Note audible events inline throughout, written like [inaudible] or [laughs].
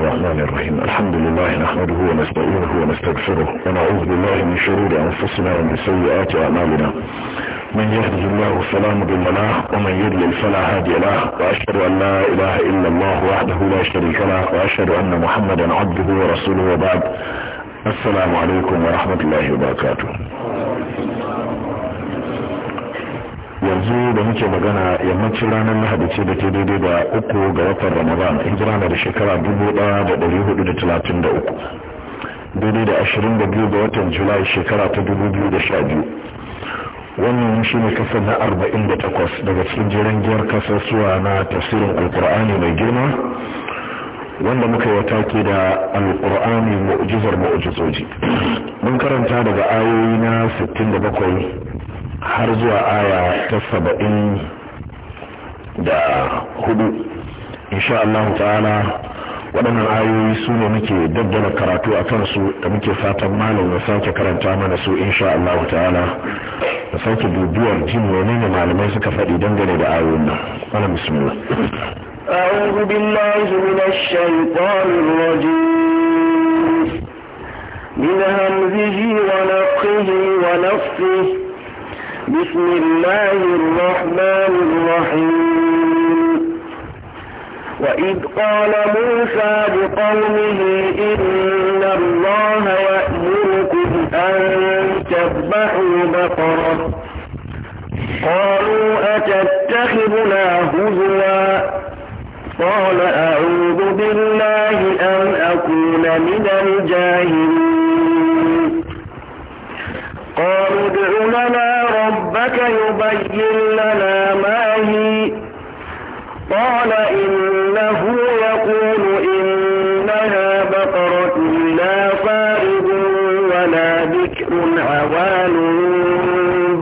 الرحمن الرحيم الحمد لله نحمده ونستعينه ونستغفره ونعوذ بالله من شرور أنفسنا ومن سيئات أعمالنا من يهده الله فلا مضل له ومن يضلل فلا هادي له واشهد ان لا اله الا الله وحده لا شريك له واشهد ان محمدا عبده ورسوله وبعد السلام عليكم ورحمه الله وبركاته yanzu da muke magana yammacin ranar lahadi ce da ke daidai da uku ga watan ramadan hijira na da shekara dubu daya da ɗari hudu da talatin da uku daidai da ashirin da biyu ga watan julai shekara ta dubu biyu da sha biyu wannan shi ne kasar na arba'in da takwas daga cikin jiran giyar kasar suwa na tasirin alkur'ani mai girma wanda muka yi take da alkur'ani mu'jizar mu'jizoji mun karanta daga ayoyi na sittin da bakwai har zuwa aya ta saba'in da hudu insha Allah ta'ala waɗannan ayoyi su ne muke daddala karatu a kansu da muke fatan malam ya sake karanta mana su insha Allah ta'ala da sake dubuwar jin wani ne malamai suka faɗi dangane da ayoyin nan wani musulman أعوذ بالله من الشيطان الرجيم من همزه ونقه ونفسه بسم الله الرحمن الرحيم وإذ قال موسى بقومه إن الله يأمركم أن تذبحوا بقرة قالوا أتتخذنا هزوا قال أعوذ بالله أن أكون من الجاهلين قالوا ادع لنا ربك يبين لنا ما هي قال إنه يقول إنها بقرة لا فارغ ولا بكر عوان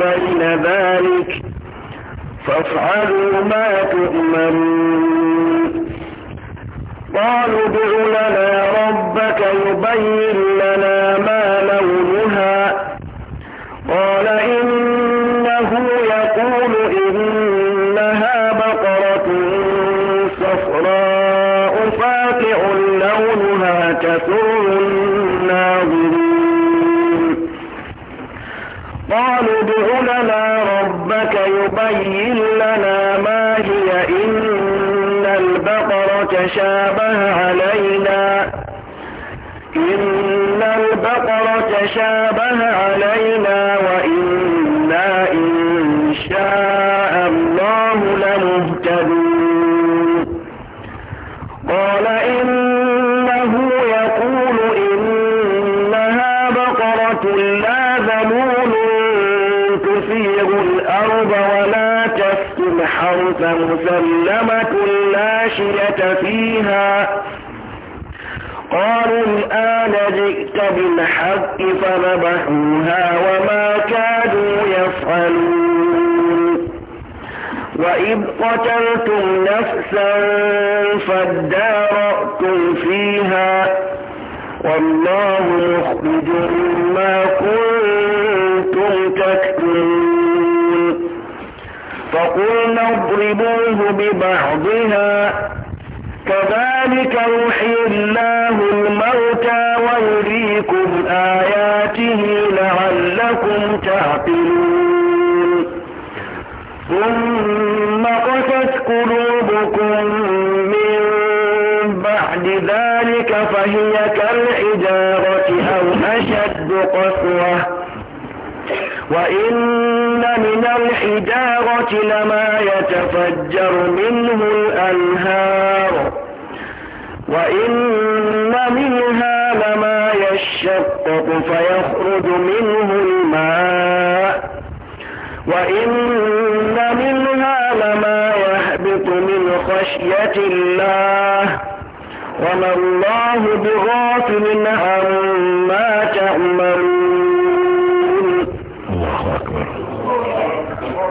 بين ذلك فافعلوا ما تؤمنون قالوا ادع لنا ربك يبين تبين لنا ما هي إن البقر تشابه علينا إن البقرة شابه علينا مسلمة لا شية فيها قالوا الآن جئت بالحق فنبحوها وما كادوا يفعلون وإذ قتلتم نفسا فادارأتم فيها والله مخرج ما فقلنا اضربوه ببعضها كذلك يحيي الله الموتى ويريكم آياته لعلكم تعقلون ثم قست قلوبكم من بعد ذلك فهي كالحجارة أو أشد قسوة وإن من الحجارة لما يتفجر منه الأنهار وإن منها لما يشقق فيخرج منه الماء وإن منها لما يهبط من خشية الله وما الله بغافل عما تعملون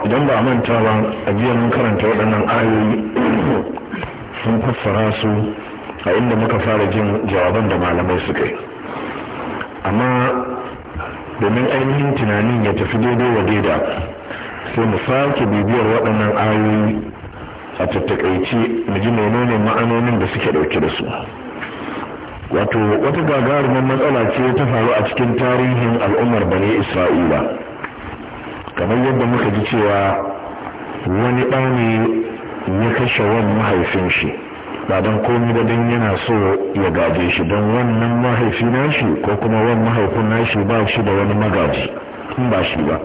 idan ba manta ba a jiya mun karanta waɗannan ayoyi sun fassara su a inda muka fara jin jawaban da malamai suka yi amma domin ainihin tunanin ya tafi daidai wa daida sai mu sake bibiyar waɗannan ayoyi a tattakaici mu ji menene ma'anonin da suke ɗauke da su wato wata gagarumin matsala ce ta faru a cikin tarihin al'ummar bane isra'ila kamar yadda muka ji cewa wani ɗani ya kashe wani mahaifin shi ba don komi da don yana so ya gaje shi don wannan mahaifi nashi ko kuma wani mahaifin nashi ba shi da wani magaji in ba shi ba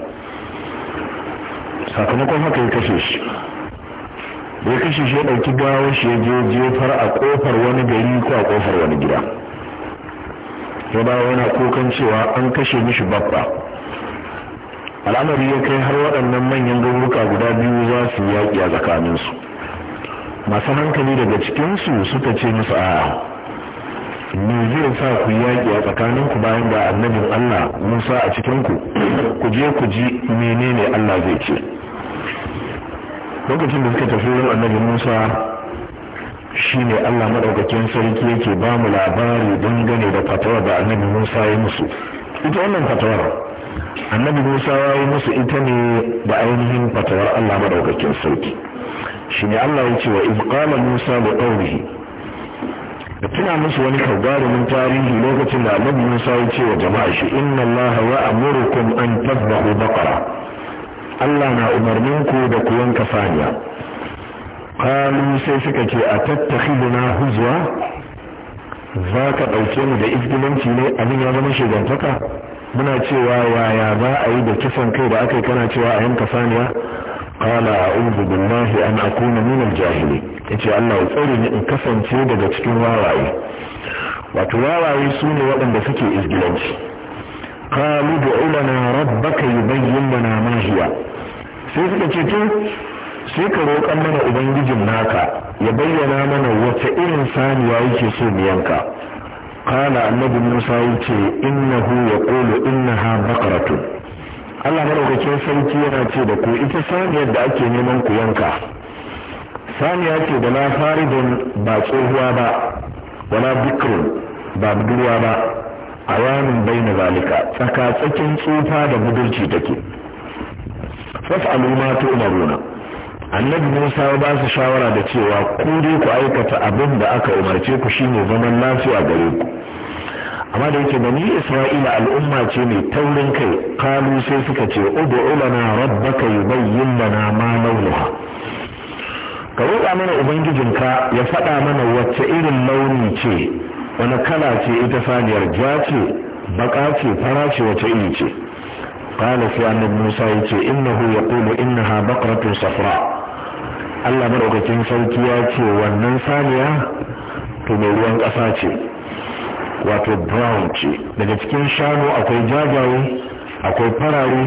sakamakon haka ya kashe shi ya kashe shi ya ɗauki gawo shi ya je jefar a ƙofar wani gari ko a ƙofar wani gida ya ba wani kukan cewa an kashe mishi babba al'amari ya kai har waɗannan manyan garuruka guda biyu za su yaƙi a tsakaninsu masu hankali daga cikinsu suka ce musu a me zai sa ku yaƙi a tsakaninku bayan da annabin Allah Musa a cikinku ku je ku ji menene Allah zai ce lokacin da suka tafi wurin annabin Musa shine Allah maɗaukakin sarki yake ba mu labari dangane da fatawar da annabin Musa ya musu ita wannan fatawar annabi musa ya yi musu ita ne da ainihin fatawar allah madaukakin sarki shi ne allah ya ce wa izqala musa da ɗaurihi da tuna musu wani kagarumin tarihi lokacin da annabi musa ya ce wa jama'a shi inna allah ya amurukum an tazbahu baqara allah na umarninku da ku yanka saniya qalu sai suka ce a tattakhiduna huzwa za ka ɗauke mu da izgilanci ne abin ya zama shigantaka muna cewa yaya za a yi da kisan kai da aka yi kana cewa a yanka saniya qala a'udhu billahi an akuna nuna al-jahili yace Allah ya tsari ne in kasance daga cikin wawaye wato wawaye su ne waɗanda suke izgilanci qalu du'u lana rabbaka yubayyin lana mana mahiya. sai suka ce to sai ka roƙan mana ubangijin naka ya bayyana mana wata irin saniya yake so mu yanka kala annabi musa ya ce innahu ya ƙolo innaha bakaratu allah maɗaukakin sarki yana ce da ku ita saniyar da ake neman ku yanka saniya ce da na faridun ba tsohuwa ba wala bikrin ba budurwa ba a yanin bai na zalika tsaka tsakin tsufa da budurci take fas'alu ma tu'maruna annabi musa ba su shawara da cewa ku dai ku aikata abin da aka umarce ku shine zaman lafiya gare ku amma da yake bani isra'ila al'umma ce mai taurin kai kalu sai suka ce ubu ulana rabbaka yubayyin lana ma launuha ka roƙa mana ubangijinka ya faɗa mana wacce irin launi ce wani kala ce ita saniyar ja ce baka ce fara ce wacce iri ce قال في annabi musa yace innahu إنها بقرة صفراء safra Allah maraukakin sarki ya ce wannan saniya to mai ruwan ƙasa ce wato brown ce daga cikin shanu akwai jajaye akwai farare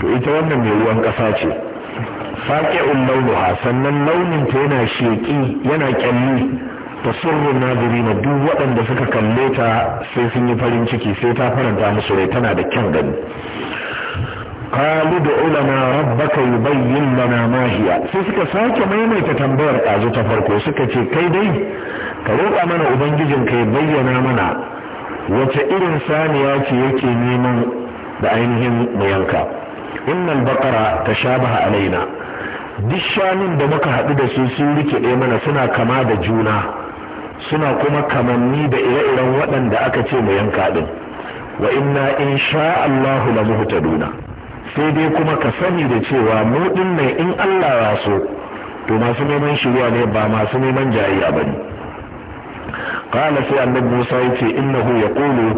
to ita wannan mai ruwan ƙasa ce faƙi'un launuha sannan launin ta yana sheƙi yana kyalli ta surrun na duk waɗanda suka kalle ta sai sun yi farin ciki sai ta faranta musu rai tana da kyan gani kalu da lana rabbaka yubayyin lana ma hiya sai suka sake maimaita tambayar ɗazu ta farko suka ce kai dai ka roƙa mana ubangijin ka bayyana mana wace irin saniya ce yake neman da ainihin mu yanka innal baqara tashabaha alaina duk shanun da muka haɗu da su sun ɗaya mana suna kama da juna suna kuma kamanni da ire-iren waɗanda aka ce mu yanka din wa inna insha Allahu la muhtaduna sai dai kuma ka sani da cewa mu din ne in Allah ya so to masu neman shiriya ne ba masu neman jayayya ba ne qala sai annabi Musa yace innahu yaqulu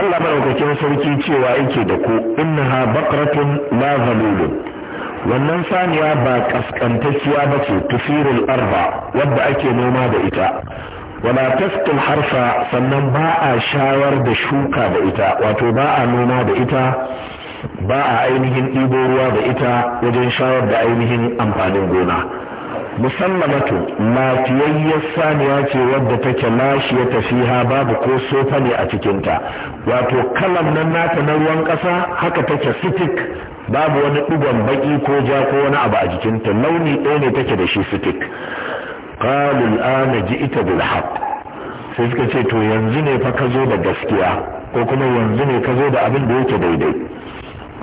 Allah madaukakin sarki cewa yake da ku innaha baqratun la zalulun wannan saniya ba kaskantacciya ba ce tufirul arba wadda ake noma da ita wala tasqil harfa sannan ba a shawar da shuka da ita wato ba a noma da ita ba a ainihin ɗibo ruwa da ita wajen shawar da ainihin amfanin gona musallamatu lafiyayyar saniya ce wadda take lashi ya tafiha babu ko sofa ne a cikinta wato kalan nan nata na ruwan ƙasa haka take sitik babu wani ɗigon baƙi ko ja ko wani abu a jikinta launi ɗaya ne take da shi sitik qalul ana ji'ita bil haqq sai suka ce to yanzu ne fa ka zo da gaskiya ko kuma yanzu ne ka zo da abin da yake daidai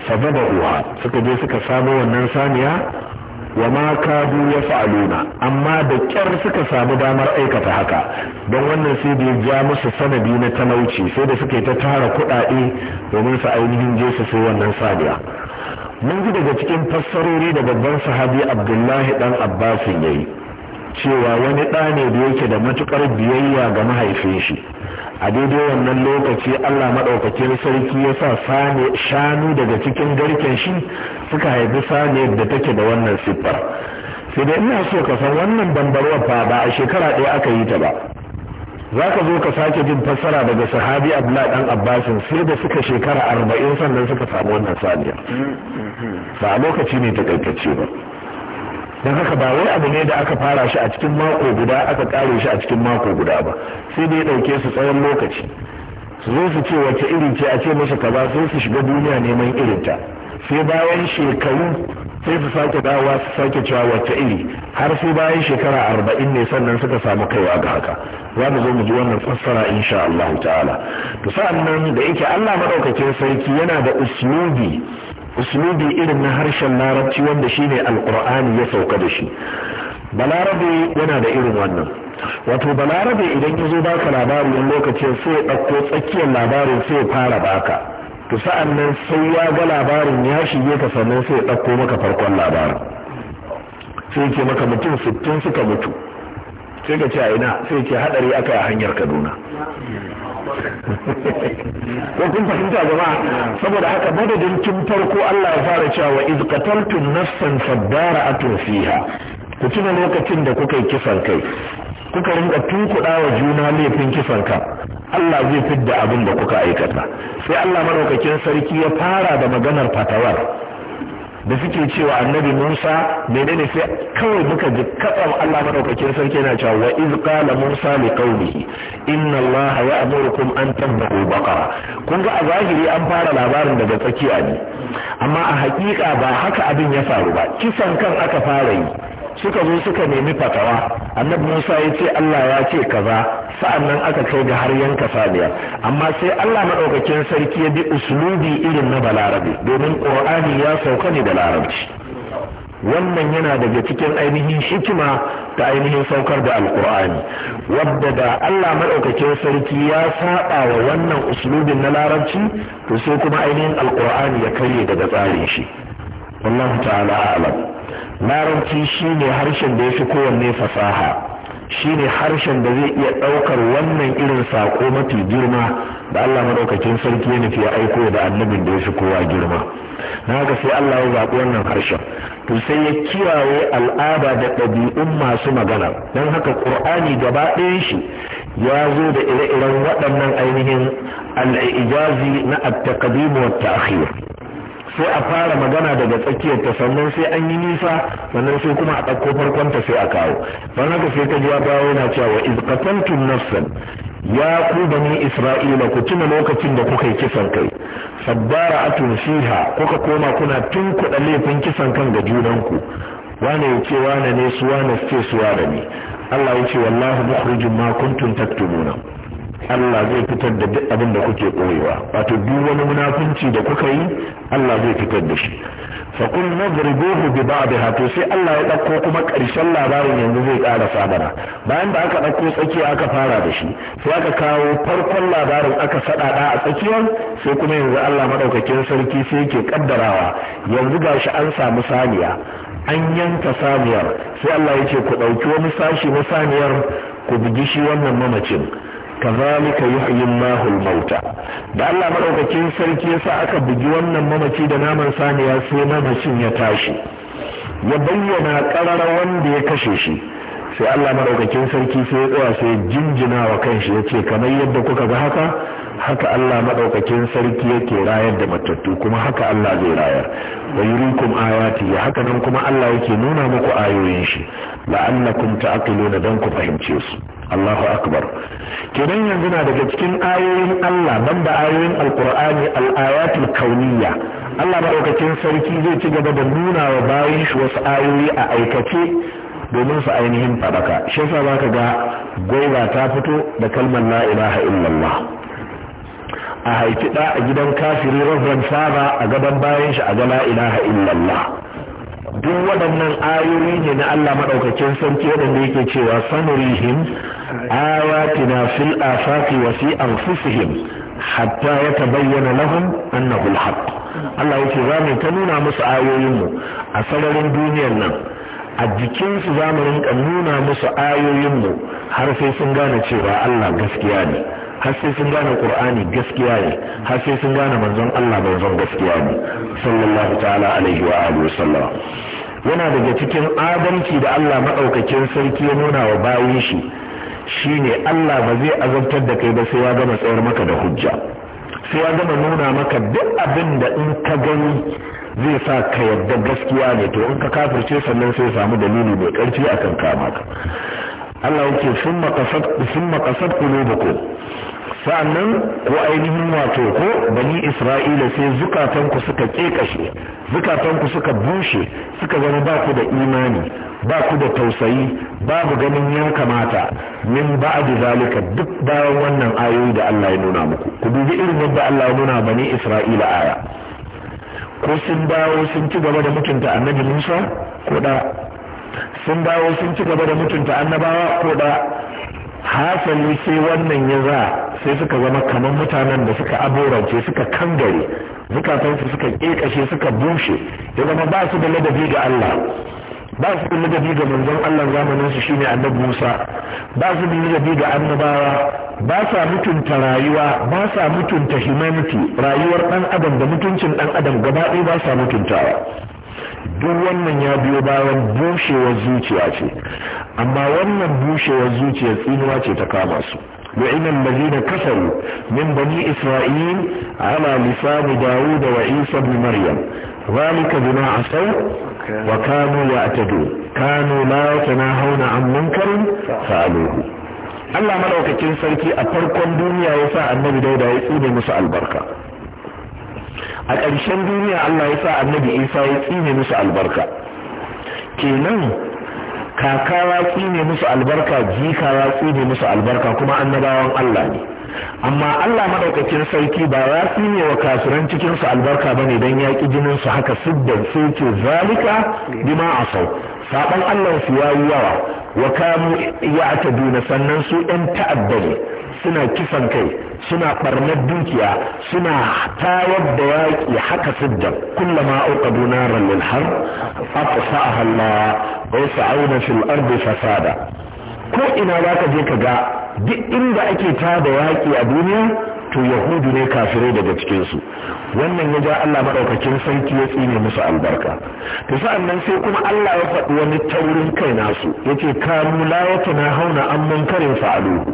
fadaba uwa suka je suka samu wannan saniya wa ma kadu ya fa'aluna amma da kyar suka samu damar aikata haka don wannan sai da ya ja musu sanadi na talauci sai da suke ta tara kuɗaɗe domin su ainihin je su sai wannan saniya mun ji daga cikin fassarori da babban sahabi abdullahi dan abbasin yayi cewa wani ɗa ne da yake da matuƙar biyayya ga mahaifin shi a daidai wannan lokaci allah maɗaukakin sarki ya sa Sani shanu daga cikin garken shi suka haifi sani da take da wannan siffar sai da ina so ka san wannan bambarwar fa ba a shekara ɗaya aka yi ta ba za ka zo ka sake jin fassara daga sahabi abdullahi dan abbasin sai da suka shekara arba'in sannan suka samu wannan saniya ba a lokaci ne ta ba don haka ba wai abu ne da aka fara shi a cikin mako guda aka kare shi a cikin mako guda ba sai dai ɗauke su tsawon lokaci su zo su ce wace irin ce a ce masa kaza sai su shiga duniya neman irinta sai bayan shekaru sai su sake dawowa su sake cewa wace iri har sai bayan shekara arba'in ne sannan suka samu kaiwa ga haka za mu zo mu ji wannan fassara insha Allah ta'ala to sa'annan da yake Allah madaukakin sarki yana da uslubi uslubi irin na harshen larabci wanda shine alqur'ani ya sauka da shi balarabe yana da irin wannan wato balarabe idan ya zo baka labari wani lokacin sai ya ɗauko tsakiyar labarin sai ya fara baka to sa'an nan sai ya ga labarin ya shige ka sannan sai ya ɗauko maka farkon labarin sai ke maka mutum sittin suka mutu sai ka ce a ina sai ke haɗari aka a hanyar kaduna ko kun fahimta jama'a saboda haka madadin tun farko Allah ya fara cewa wa iz qataltum nafsan fadara'atu fiha ku tuna lokacin da kuka yi kisan kai kuka rinka tunkuɗa wa juna laifin kisan ka Allah zai fidda abin da kuka aikata sai Allah madaukakin sarki ya fara da maganar fatawar da suke cewa annabi Musa menene sai kawai muka ji katsam Allah madaukakin sarki yana cewa wa iz qala Musa li qaumihi inna Allah ya'murukum an tadhbahu baqara kun ga a zahiri an fara labarin daga tsakiya ne amma a hakika ba haka abin ya faru ba kisan kan aka fara yi suka zo suka nemi fatawa annabi Musa ya ce Allah ya ce kaza sa'annan aka kai ga har yanka saniya amma sai Allah madaukakin sarki ya bi uslubi irin na balarabe domin Qur'ani ya sauka ne da larabci wannan yana daga cikin ainihin hikima ta ainihin saukar da alkur'ani wadda da allah maɗaukakin sarki ya saɓa wa wannan uslubin na larabci to sai kuma ainihin alkur'ani ya karye daga tsarin shi wallahu ta'ala alam larabci shine harshen da yafi kowanne fasaha shine harshen da zai iya daukar wannan irin sako mafi girma da Allah madaukakin sarki ya nufi ya aiko da annabin da yafi kowa girma na ga sai Allah ya zaɓi wannan harshen to sai ya kiyaye al'ada da ɗabi'un masu magana don haka ƙur'ani gaba ɗayan shi ya zo da ire-iren waɗannan ainihin al'ijazi na at-taqdim wa ta'khir sai a fara magana daga tsakiyarta sannan sai an yi nisa sannan sai kuma a ɗauko farkon ta sai a kawo don haka sai ka ji ya yana cewa wa iz nafsan ya ku bani isra'ila ku tuna lokacin da kuka yi kisan kai sabbara atun fiha kuka koma kuna tun kuɗa laifin kisan kan ga junanku wane ya ce wane ne su wane su ce su wane ne Allah ya ce wallahu mukhrijum ma kuntum taktumuna Allah zai fitar da duk abin da kuke koyewa wato duk wani munafunci da kuka yi Allah zai fitar da shi fa kun nadribuhu bi ba'daha to sai Allah ya dauko kuma karshen labarin yanzu zai ƙara sabara bayan da aka dauko tsakiya aka fara da shi sai aka kawo farkon labarin aka sadada a tsakiyar sai kuma yanzu Allah madaukakin sarki sai yake kaddarawa yanzu gashi an samu saniya an yanka saniyar sai Allah ya ce ku dauki wani sashi na saniyar ku bugi shi wannan mamacin kazalika yi Allahu al-mauta da Allah madaukakin sarki yasa aka bugi wannan mamaci da naman saniya sai mamacin ya tashi ya bayyana karara wanda ya kashe shi sai Allah madaukakin sarki sai ya tsaya sai jinjina wa kanshi yace kamar yadda kuka ga haka haka Allah madaukakin sarki yake rayar da matattu kuma haka Allah zai rayar wa yurikum ayati haka nan kuma Allah yake nuna muku ayoyin shi la'annakum ta'qiluna dan ku fahimce su Allahu akbar kenan yanzu na daga cikin ayoyin Allah da ayoyin alqur'ani al-ayatul kauniyya Allah maɗaukakin sarki zai ci gaba da nuna wa bayin shi wasu ayoyi a aikace domin su ainihin faɗaka shi yasa zaka ga goba ta fito da kalmar la ilaha illallah a haifi ɗa a gidan kafiri rabban saba a gaban bayan shi a ga la ilaha illallah duk waɗannan ayoyi ne na Allah maɗaukakin sarki waɗanda yake cewa sanurihim آياتنا في الآفاق وفي أنفسهم حتى يتبين لهم أنه الحق Allah yake za mu ta nuna musu ayoyinmu a sararin duniyar nan a jikinsu za mu rinka nuna musu ayoyinmu har sai sun gane cewa Allah gaskiya ne har sai sun gane Qur'ani gaskiya ne har sai sun gane manzon Allah manzon gaskiya ne sallallahu ta'ala alaihi wa alihi wasallam yana daga cikin adalci da Allah madaukakin sarki ya nuna wa bayin shi shi ne Allah ba zai azabtar da kai ba sai ya gama tsayar maka da hujja sai ya gama nuna maka duk abin da in ka gani zai sa ka yadda gaskiya ne to in ka kafirce sannan sai samu dalili mai karfi akan kama ka Allah yake summa qasad summa qasad qulubukum sa'annan ko ainihin wato ko bani isra'ila sai zukatanku suka kekashe zukatanku suka bushe suka zama ba ku da imani ba ku da tausayi babu ganin ya kamata min ba'di zalika duk bayan wannan ayoyi da Allah ya nuna muku ku dubi irin yadda Allah ya nuna bani isra'ila aya ko sun dawo sun ci gaba da mutunta annabi Musa ko da sun dawo sun ci gaba da mutunta annabawa ko da hasali sai wannan ya za sai suka zama kamar mutanen da suka aborance suka kangare zukatansu suka ƙeƙashe suka bushe ya zama ba su da ladabi ga Allah ba su da ladabi ga manzon Allah zamanin su shine annabi Musa ba su da ladabi ga annabawa ba sa mutunta rayuwa ba sa mutunta humanity rayuwar dan adam da mutuncin dan adam gaba ɗaya ba sa mutuntawa duk wannan ya biyo bayan bushewar zuciya ce amma wannan bushewar zuciya tsinuwa ce ta kama su wa inan lazina kasaru min bani isra'il ala lisani dawud wa isa ibn maryam zalika bima asaw wa kanu ya'tadu kanu la yatanahuna an munkarin fa'aluhu Allah madaukakin sarki a farkon duniya ya sa annabi dauda ya tsine musu albarka a ƙarshen duniya Allah ya sa annabi Isa ya tsine musu albarka kenan kaka ya tsine musu albarka jika ya tsine musu albarka kuma annabawan Allah ne amma Allah madaukakin sarki ba ya tsine wa kafiran cikin su albarka bane dan ya ki jinin su haka siddan sai ce zalika bima asau saban Allah su yayi yawa wa kanu ya'taduna sannan su ɗan ta'addali suna kisan kai suna ɓarnar dukiya suna tayar da yaƙi haka sidda kullama auqadu naran lil har aqsa'aha Allah wa auna fil ardi fasada ko ina zaka je ka ga duk inda ake tada yaƙi a duniya to yahudu ne kafirai daga cikinsu wannan ya ja Allah maɗaukakin sarki ya tsine musu albarka to sa'an nan sai kuma Allah ya faɗi wani taurin kai nasu yace kanu la yatana hauna an munkarin fa'aluhu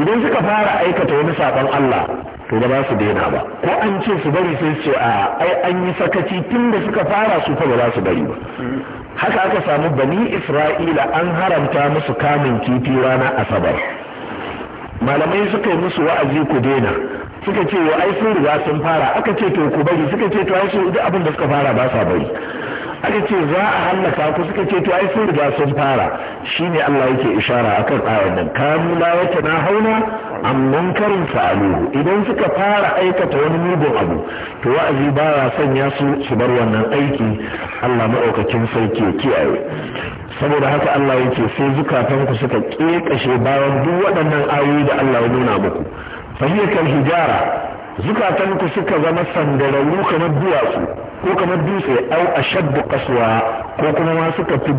idan suka fara aikata wani saɓan Allah to da ba su daina ba ko an ce su bari sai su ce a ai an yi sakaci tun da suka fara su fa ba za su bari ba haka aka samu bani isra'ila an haramta musu kamun kifi rana asabar malamai suka yi musu wa'azi ku daina suka ce wa ai sun riga sun fara aka ce to ku bari suka ce to ai su duk abin da suka fara ba sa bari aka ce za a hallaka ku suka ce to ai sun riga sun fara shine Allah yake ishara akan ayar nan kanu la hauna an munkarin fa'aluhu idan suka fara aikata wani mugun abu to wa'azi baya sanya su su bar wannan aiki Allah madaukakin sarki ya kiyaye saboda haka Allah yake sai zukatanku suka kekashe bayan duk waɗannan ayoyi da Allah ya nuna muku fahimtar hijara zukatanku suka zama sandararru kamar duwatsu ko kamar dutse au ashaddu kasuwa ko kuma ma suka fi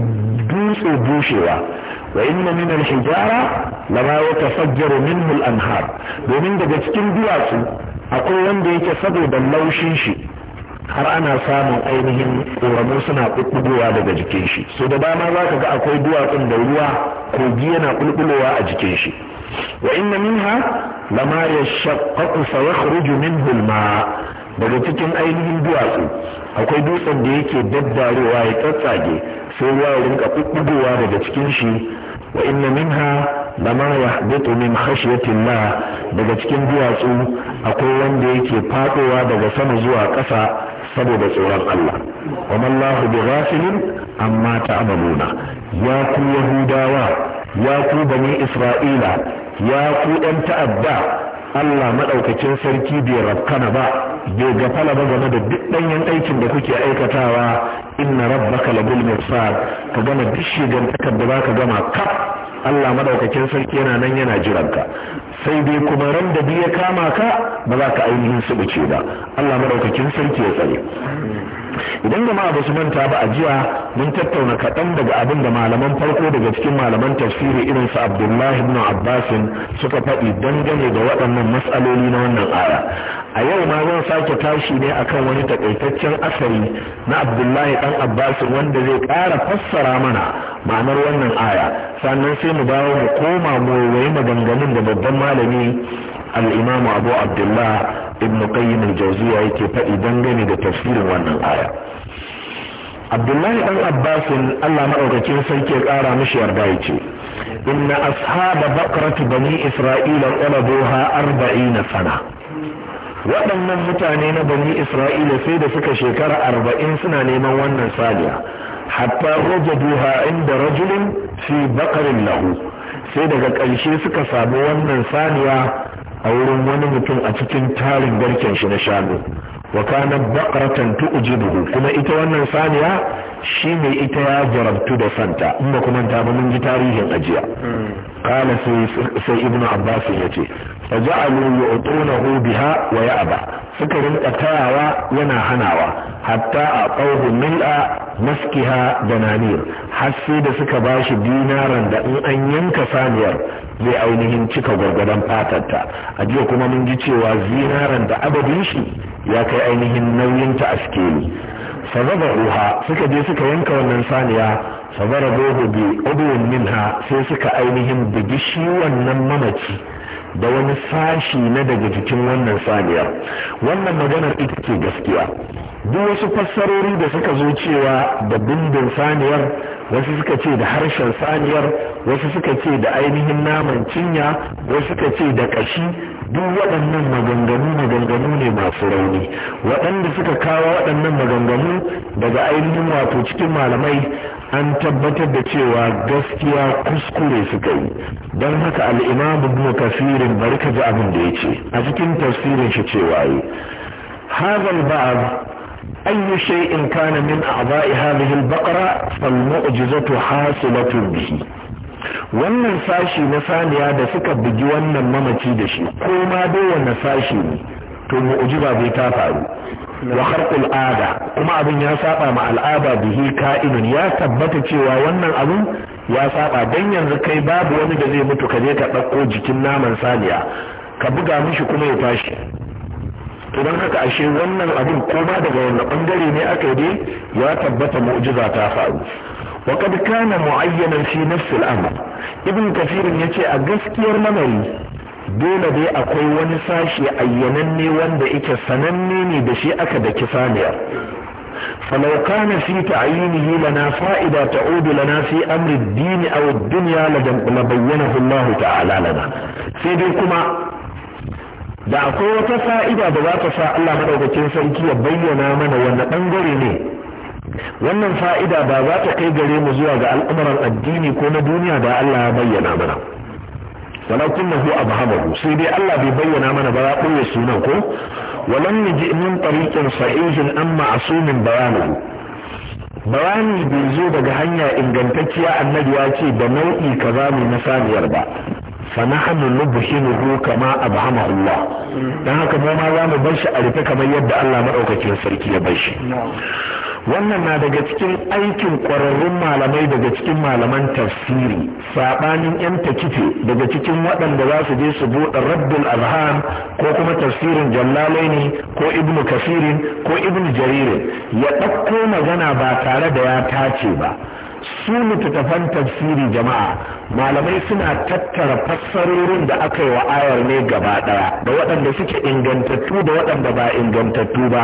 dutse bushewa wa inna min al-hijara lama yatafajjaru minhu al-anhar domin daga cikin duwatsu akwai wanda yake saboda laushin shi har ana samun ainihin ƙoramu suna ƙulƙulowa daga jikin shi so da dama za ka ga akwai duwatsun da ruwa kogi yana ƙulƙulowa a jikin shi wa inna minha lama yashaqqaqu fa yakhruju daga cikin ainihin duwatsu akwai dutsen da yake daddarewa ya tsatsage sai ruwa ya rinka kukkugowa daga cikin shi wa inna minha lama yahbitu min khashyati Allah daga cikin duwatsu akwai wanda yake fadowa daga sama zuwa ƙasa saboda tsoron Allah wa mallahu bighafilin amma ta'maluna ya ku yahudawa ya ku bani isra'ila ya ku ɗan ta'adda allah maɗaukakin sarki bai rabkana ba bai gafala ba game da duk ɗanyen aikin da kuke aikatawa inna rabbaka labul mursal ka gama duk shigantakar da ka gama ka Allah madaukakin sarki yana nan yana jiranka sai dai kuma ran da ya kama ka ba za ka ainihin bace ba Allah madaukakin sarki ya tsare idan jama'a ba su manta ba a jiya mun tattauna kaɗan daga abin da malaman farko daga cikin malaman tafsiri irin su abdullahi ibn abbasin suka faɗi dangane da waɗannan matsaloli na wannan aya a yau ma zan sake tashi ne akan wani takaitaccen asari na abdullahi dan abbasin wanda zai ƙara fassara mana ma'anar wannan aya sannan sai mu dawo mu koma mu wayi maganganun da babban malami al-imamu abu abdullah ibn qayyim al-jawziya yake faɗi dangane da tafsirin wannan aya abdullahi ɗan abbasin allah maɗaukakin sarki ya ƙara mishi yarda ya ce inna ashaba bakratu bani isra'ila qalabuha arba'ina sana waɗannan mutane na bani isra'ila sai da suka shekara arba'in suna neman wannan saniya hatta rajaduha inda rajulin fi bakarin lahu sai daga ƙarshe suka samu wannan saniya a wurin wani mutum a cikin tarin garken shi na shanu wa kana baqratan tu'jibuhu kuma ita wannan saniya shi mai ita ya jarabtu da santa in kuma ta ba mun ji tarihin ajiya kana sai ibnu abbas yace fa ja'alu yu'tunahu biha wa ya'ba suka rinka tayawa yana hanawa hatta a qawhu mil'a maskiha dananir har sai da suka bashi dinaran da in an yanka saniyar zai ainihin cika gwargwadon fatarta a jiya kuma mun ji cewa zinaran da adadin shi ya kai ainihin nauyinta a sikeli fazaba ruha suka je suka yanka wannan saniya sabara dogo bi ubuwin minha sai suka ainihin bugi shi wannan mamaci da wani sashi na daga jikin wannan saniyar wannan maganar ita ce gaskiya duk wasu fassarori da suka zo cewa da bindin saniyar wasu suka ce da harshen saniyar wasu suka ce da ainihin naman cinya wasu suka ce da kashi duk waɗannan maganganu maganganu ne masu rauni waɗanda suka kawo waɗannan maganganu daga ainihin wato cikin malamai an tabbatar da cewa gaskiya kuskure suka yi don haka al'imamu ibn kafirin bari ka ji abin da ya ce a cikin tafsirin shi cewa yi hazal ba'ad أي شيء كان من أعضاء هذه البقرة فالمعجزة حاصلة به wannan sashi na saniya da suka bugi wannan mamaci da shi ko ma dai wannan sashi ne to mu'jiza bai ta faru wa kharqul ada kuma abin ya saba ma al'ada bihi ka'idun ya tabbata cewa wannan abin ya saba dan yanzu kai babu wani da zai mutu ka je ka dauko jikin naman saniya ka buga mishi kuma ya tashi idan haka ashe wannan abin ko ba daga wannan bangare ne aka yi ya tabbata mu'jiza ta faru wa kad kana mu'ayyanan fi nafsi al-amr ibn kathir yace a gaskiyar lamari dole dai akwai wani sashi ayyananne wanda yake sananne ne da shi aka daki saniyar فلو كان في تعيينه لنا فائدة تعود لنا في أمر الدين أو الدنيا لبينه الله تعالى لنا سيدي da akwai wata fa'ida da za ta sa Allah madaukakin sarki ya bayyana mana wanda bangare ne wannan fa'ida ba za ta kai gare mu zuwa ga al'amuran addini ko na duniya da Allah ya bayyana mana walakin nahu abhamahu sai dai Allah bai bayyana mana ba ya ɓoye sunan ko walam niji min tariqin sa'ihin an ma'sumin bayanahu bayani bai zo daga hanya ingantacciya annabi ya ce da nau'i kaza na saniyar ba fa nahnu nubhinuhu kama abhamahu Allah dan haka mu ma za mu bar shi a rufe kamar yadda Allah maɗaukakin sarki ya bar shi wannan na daga cikin aikin kwararrun malamai daga cikin malaman tafsiri sabanin yan takife daga cikin waɗanda za su je su buɗe rabbul azhan ko kuma tafsirin jallalaini ko ibnu kasirin ko ibnu jaririn ya ɗauko magana ba tare da ya tace ba su littattafan tafsiri jama'a malamai suna tattara fassarorin da aka yi wa ayar ne gaba ɗaya da waɗanda suke ingantattu da waɗanda ba ingantattu ba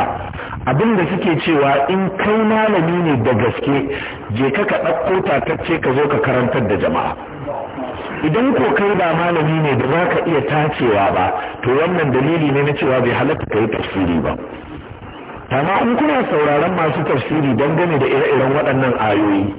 abin da suke cewa in kai malami ne da gaske je ka ka ɗauko tatacce ka zo ka karantar da jama'a idan ko kai ba malami ne da za ka iya tacewa ba to wannan dalili ne na cewa bai halatta ka yi tafsiri ba amma in kuna sauraron masu tafsiri dangane da ire-iren waɗannan ayoyi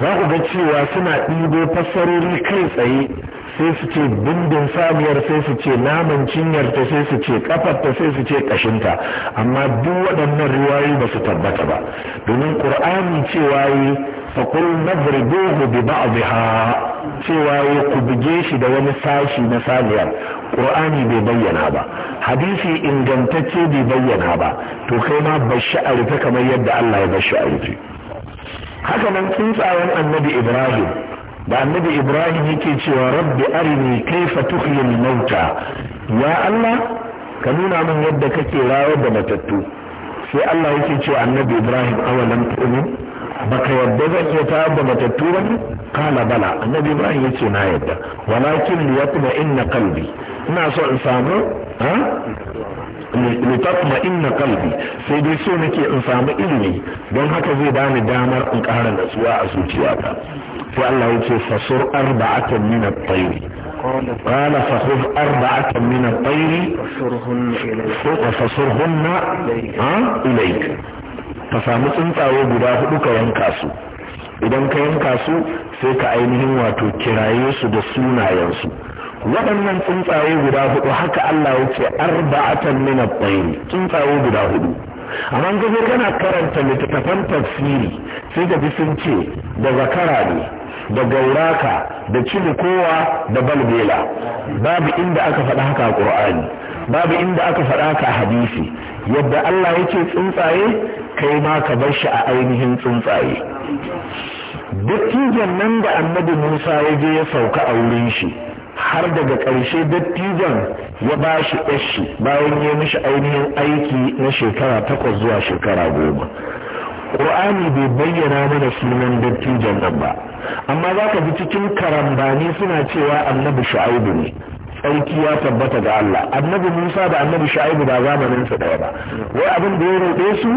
za ku ga cewa suna ɗibo fassarori kai tsaye sai su ce bindin samiyar sai su ce naman cinyar ta sai su ce kafar ta sai su ce kashinta amma duk waɗannan riwayoyi ba su tabbata ba domin qur'ani cewa yi faqul nadribuhu bi ba'dha cewa yi ku buge shi da wani sashi na samiyar qur'ani bai bayyana ba hadisi ingantacce bai bayyana ba to kai ma bashi a rufe kamar yadda Allah ya bashi a rufe haka nan tsuntsayen annabi Ibrahim da annabi ibrahim yake cewa rabbi arini kaifa tuhyil mauta ya allah ka nuna min yadda kake rawa da matattu sai allah yake cewa annabi ibrahim awalan tu'min baka yadda zan iya tayar da matattu ba ne kala bala annabi ibrahim yace na yadda walakin liyatma inna qalbi ina so in samu ha litatma inna kalbi sai dai so nake in samu ilimi don haka zai bani damar in ƙara natsuwa a zuciyata sai Allah ya ce fasur arba'ata min at-tayri qala fasur arba'ata min at-tayri fasurhunna ha ka samu tsuntsaye guda hudu ka yanka su idan ka yanka su sai ka ainihin wato kiraye su da sunayensu su waɗannan tsuntsaye guda hudu haka Allah yake arba'atan min at-tayr tsuntsaye guda hudu amma in kaje kana karanta littattafan tafsiri sai ka ji sun ce da zakara ne da gauraka da cinikowa da balbela babu inda aka faɗa haka a ƙur'ani babu inda aka faɗa haka a hadisi yadda Allah yake tsuntsaye kai ma ka bar shi a ainihin tsuntsaye duk nan da annabi Musa ya je ya sauka a wurin shi har daga ƙarshe dattijon ya ba shi ɗashi bayan ya mishi ainihin aiki na shekara takwas zuwa shekara goma ƙur'ani bai bayyana mana sunan dattijon nan ba amma za ka ji cikin karambani suna cewa annabi shu'aibu ne tsarki ya tabbata ga Allah annabi Musa da annabi Shu'aibu ba zamanin su ɗaya ba wai abin da ya roɗe su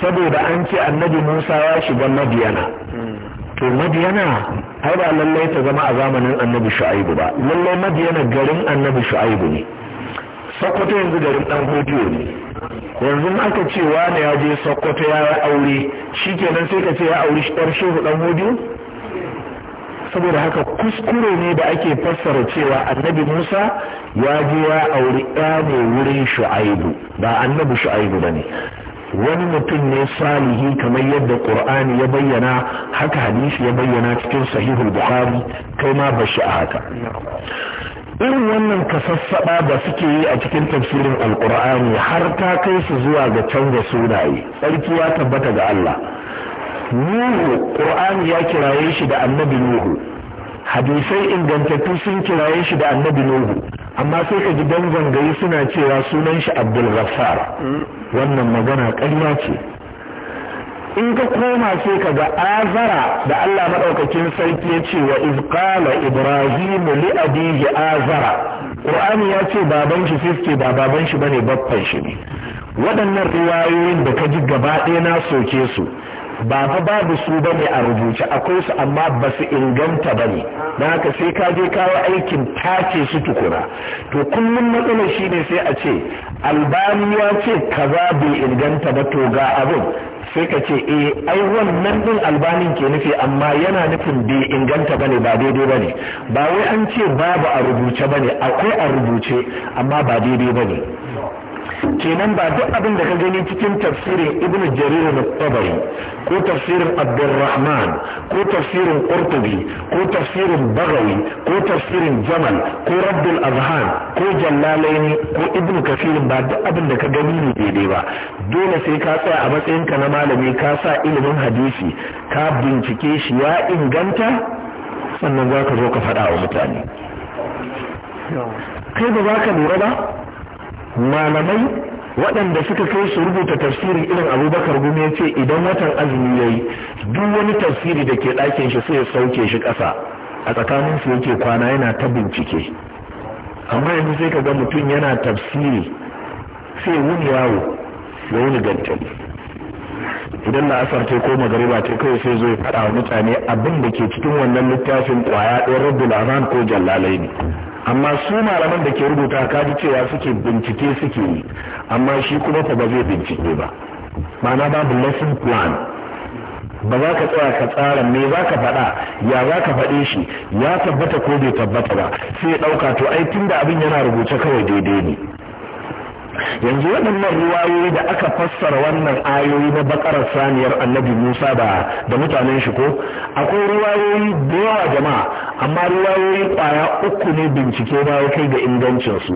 saboda an ce annabi Musa ya shiga Madiyana to madiyana ai ba lallai ta zama a zamanin annabi shu'aibu ba lallai madiyana garin annabi shu'aibu ne sokoto yanzu garin dan hudiyo ne yanzu aka ce wani ya je sokoto ya yi aure shi kenan sai ka ce ya aure shi ɗan shehu ɗan hudiyo saboda haka kuskure ne da ake fassara cewa annabi musa ya je ya aure ɗa ne wurin shu'aibu ba annabi shu'aibu ba ne wani mutum ne salihi kamar yadda qur'ani ya bayyana haka hadisi ya bayyana cikin sahihul bukhari kai ma bashi a haka irin wannan kasassaba da suke yi a cikin tafsirin alkur'ani har ta kai su zuwa ga canza sunaye tsarki ya tabbata ga Allah nuhu qur'ani ya kiraye shi da annabi nuhu hadisai ingantattu sun kiraye shi da annabi nuhu amma sai ka ji dan zangayi suna cewa sunan shi abdul ghaffar wannan magana ƙarya ce in ka koma sai ka ga azara da Allah maɗaukakin sarki ya ce wa izqala ibrahim li azara qur'ani ya ce baban shi fiske ba baban shi bane baffan shi ne waɗannan riwayoyin da ka ji gaba ɗaya na soke su ba fa babu su bane a rubuce akwai su amma ba su inganta bane na haka sai ka je kawo aikin tace su tukura to kullum matsalar shi ne sai a ce albani ya ce kaza bai inganta ba to ga abin sai ka ce eh ai wannan din albanin ke nufi amma yana nufin bai inganta bane ba daidai bane ba wai an ce babu a rubuce bane akwai a rubuce amma ba daidai bane kenan ba duk abin da ka gani cikin tafsirin ibnu jarir al-tabari ko tafsirin abdurrahman ko tafsirin qurtubi ko tafsirin bagawi ko tafsirin jamal ko rabbul azhan ko jallalaini ko ibnu kafir ba duk abin da ka gani ne daidai ba dole sai ka tsaya a matsayin ka na malami ka sa ilimin hadisi ka bincike shi ya inganta sannan za ka zo ka faɗa wa mutane kai ba za ka lura ba malamai waɗanda suka kai su rubuta tafsirin irin abubakar gumi ya ce idan watan azumi ya yi duk wani tafsiri da ke ɗakin shi sai ya sauke shi ƙasa a tsakanin su yake kwana yana ta bincike amma yanzu sai ka ga mutum yana tafsiri sai wuni yawo ya wuni gantali idan na asar ta ko magariba ce kawai sai zo ya faɗa wa mutane abin da ke cikin wannan littafin ƙwaya ɗaya rabbul ko jallalai ne amma su malaman da ke rubuta ka ji cewa suke bincike suke yi amma shi kuma fa ba zai bincike ba ma'ana babu lesson plan ba za ka tsaya ka tsara me za ka faɗa ya za ka faɗe shi ya tabbata ko bai tabbata ba sai ɗauka to ai tunda abin yana rubuce kawai daidai ne yanzu waɗannan ruwayoyi da aka fassara wannan ayoyi na bakarar saniyar annabi musa da da mutanen shi ko akwai ruwayoyi da yawa jama'a amma ruwayoyi kwaya uku ne bincike ba ya kai ga ingancinsu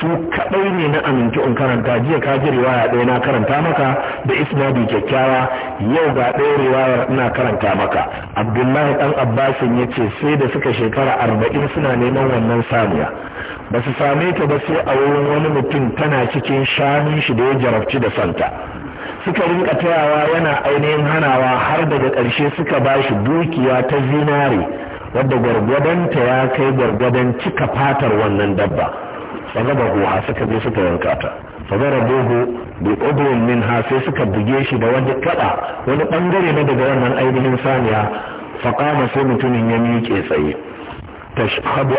su kaɗai ne na aminci in karanta jiya ka ji riwaya ɗaya na karanta maka da isnadi kyakkyawa yau ga ɗaya riwayar ina karanta maka abdullahi ɗan abbasin ya ce sai da suka shekara arba'in suna neman wannan saniya ba su same ta ba sai a wurin wani mutum tana cikin shanun shi da ya jarabci da santa suka rinka tayawa yana ainihin hanawa har daga ƙarshe suka ba shi dukiya ta zinare wadda gwargwadonta ya kai gwargwadon cika fatar wannan dabba fagaba ruha suka je suka yanka ta fagara bohu bi udwin min ha sai suka buge shi da wani kada wani bangare na daga wannan ainihin saniya faqama sai mutumin ya miƙe tsaye tashhabu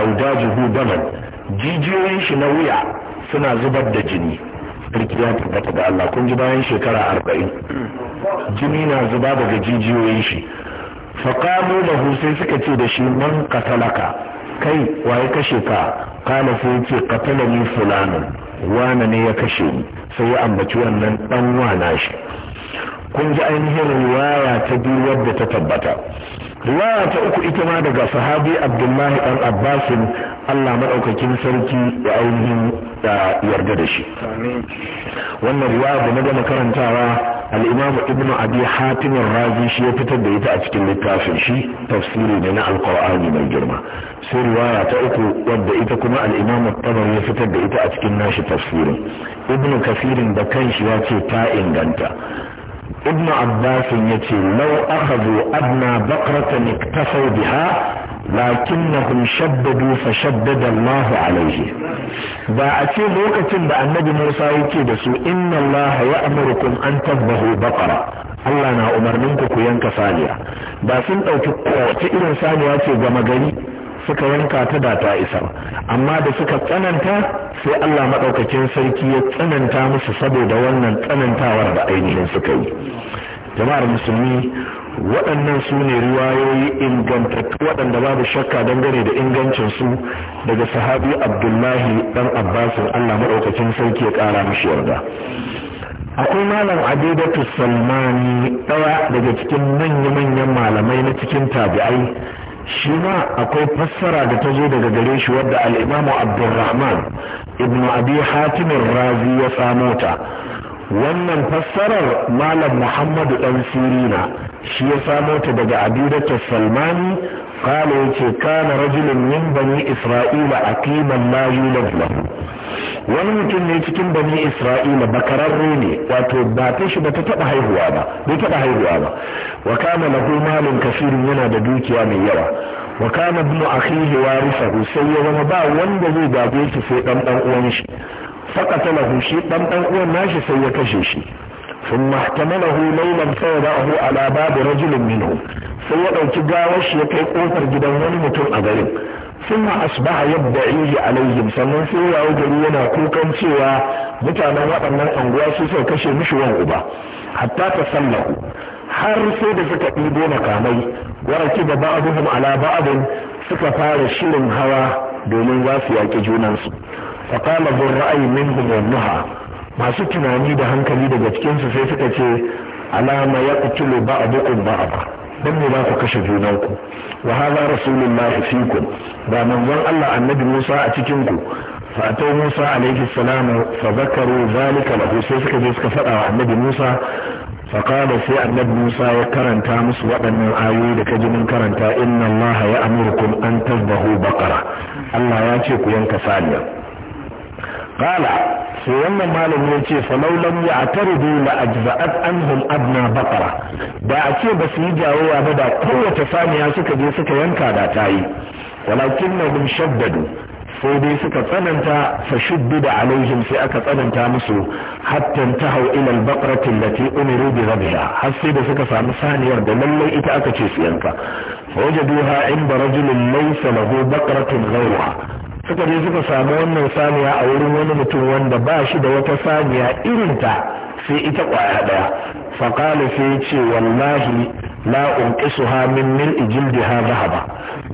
audajuhu daman jijiyoyin shi na wuya suna zubar da jini sarki ya tabbata da Allah kun ji bayan shekara arba'in jini na zuba daga jijiyoyin shi faƙamu lahu sai suka ce da shi man katalaka kai waye kashe ka kala sai ce katalani fulanin wane ne ya kashe ni sai ya ambaci wannan dan wana shi kun ji ainihin riwaya ta biyu wadda ta tabbata riwaya ta uku ita ma daga sahabi abdullahi dan abbasin allah maɗaukakin sarki ya ainihin da yarda da shi wannan riwaya da na gama karantawa al'imamu ibnu abi hatimin razi shi ya fitar da ita a cikin littafin shi tafsiri ne na alkur'ani mai girma sai riwaya ta uku wadda ita kuma al'imamu tabar ya fitar da ita a cikin nashi tafsirin ibnu kasirin da kanshi ya ce ta inganta ibnu abbas ya ce law akhadhu adna baqratan iktasaw biha lakinnahum shaddadu fa shaddada Allahu alaihi ba a ce lokacin da annabi Musa yake da su inna Allah ya'murukum an tadbahu baqara Allah na umarnin ku ku yanka saniya ba sun dauki kowace irin saniya ce gama gari suka yanka ta da ta isa amma da suka tsananta sai Allah maɗaukakin sarki ya tsananta musu saboda wannan tsanantawar da ainihin suka yi jama'ar musulmi waɗannan su ne riwayoyi ingantattu waɗanda babu shakka dangane da ingancinsu daga sahabi abdullahi ɗan abbasin allah maɗaukacin sarki ya kara mishi yarda akwai malam adidatu salmani ɗaya daga cikin manya-manyan malamai na cikin tabi'ai shi ma akwai fassara da ta zo daga gare shi wadda al'imamu abdurrahman ibn abi hatimin razi ya samo ta wannan fassarar malam muhammadu dan sirina shi ya samo ta daga abidatu salmani قال يتي كان رجل من Isra'ila a أقيما لا na له wani mutum ne cikin bani isra'ila bakararre ne wato ba ta shi ba ta taba haihuwa ba bai taba haihuwa ba wa kana lahu yana da dukiya mai yawa wa kana ibn akhihi warithahu sai ya zama ba wanda zai gaje shi sai dan dan uwan shi faƙatalahu shi ɗanɗan uwan nashi sai ya kashe shi sun mahtamalahu laulan tsawo da abu a labarin sai ya ɗauki gawar shi ya kai ƙofar gidan wani mutum a garin sun ma asbaha yadda inji alaihim sannan sai ya yawo gari yana kukan cewa mutanen waɗannan anguwa su kashe mishi wan uba hatta ta sallahu har sai da suka ɗibo makamai waraki da ba'aduhum alaba ba'adin suka fara shirin hawa domin za su junansu faƙala ra'ayin ra'ayi nuha masu tunani da hankali daga cikinsu sai suka ce alama ya kutulu ba abukun ba aba don me ba ku kashe junanku wa hadha rasulullahi fikum ga manzon Allah annabi Musa a cikin ku fatau Musa alaihi salamu fa zakaru zalika lahu sai suka je suka faɗa wa annabi Musa sai Annabi Musa ya karanta musu waɗannan ayoyi da kaji mun karanta inna allaha ya'murukum an tadhbahu baqara Allah ya ce ku yanka saniya kala sai wannan malami ya ce falau lam ya'taridu la ajza'at anhum adna bakara da a ce ba su yi jawowa ba da kowace saniya suka je suka yanka da tayi walakinnahum shaddadu sai dai suka tsananta fa da alaihim sai aka tsananta musu hatta tahau ila albaqrati allati umiru bi rabiha har sai da suka samu saniyar da lallai ita aka ce su yanka wajaduha inda rajulin laysa lahu baqratun ghayruha suka je suka sami wannan saniya a wurin wani mutum wanda ba shi da wata saniya irinta sai ita kwaya daya faƙali sai ya ce wallahi la unqisu ha min mil ijildi ha zahaba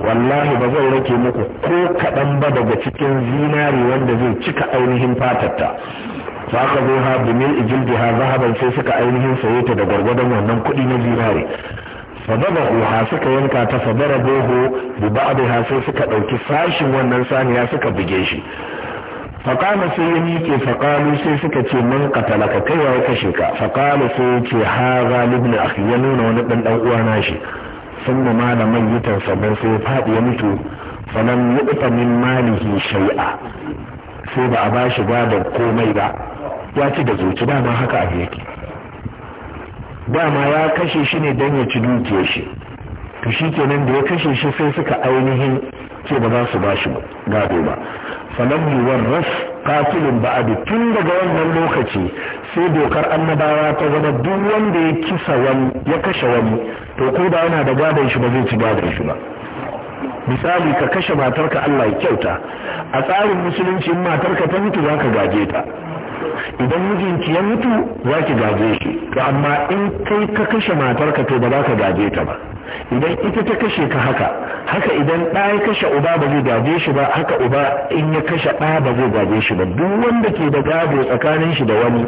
wallahi ba zai rake muku ko kaɗan ba daga cikin zinari wanda zai cika ainihin fatarta ka zo ha bi mil ijildi ha zahaban sai suka ainihin saye ta da gwargwadon wannan kuɗi na zinari ha suka yanka ta fadara boho bi ha sai suka ɗauki sashin wannan saniya suka buge shi faƙala sai ya miƙe faƙalu sai suka ce man ka kai ya kashe ka faƙala sai ya ce ha galibin akhi ya nuna wani ɗan ɗan uwa na shi sun malaman yitan sabon sai ya faɗi ya mutu fanan yuɗa min malihi shai'a sai ba a bashi ba komai ba ya ci da zuci dama haka a yake dama ya kashe shi ne don ya ci dukiyar shi to shi kenan da ya kashe shi sai suka ainihin ce ba za su ba shi gado ba falam katilin ba ba'adu tun daga wannan lokaci sai dokar annabawa ta zama duk wanda ya kisa wani ya kashe wani to ko da yana da gadon shi ba zai ci gadon shi ba misali ka kashe matarka Allah ya kyauta a tsarin musulunci matarka ta mutu za ka gaje ta idan mijinki ya mutu za ki gaje shi to amma in kai ka kashe matarka to ba za ka gaje ta ba idan ita ta kashe ka haka haka idan ɗa ya kashe uba ba zai gaje shi ba haka uba in ya kashe ɗa ba zai gaje shi ba duk wanda ke da gado tsakanin shi da wani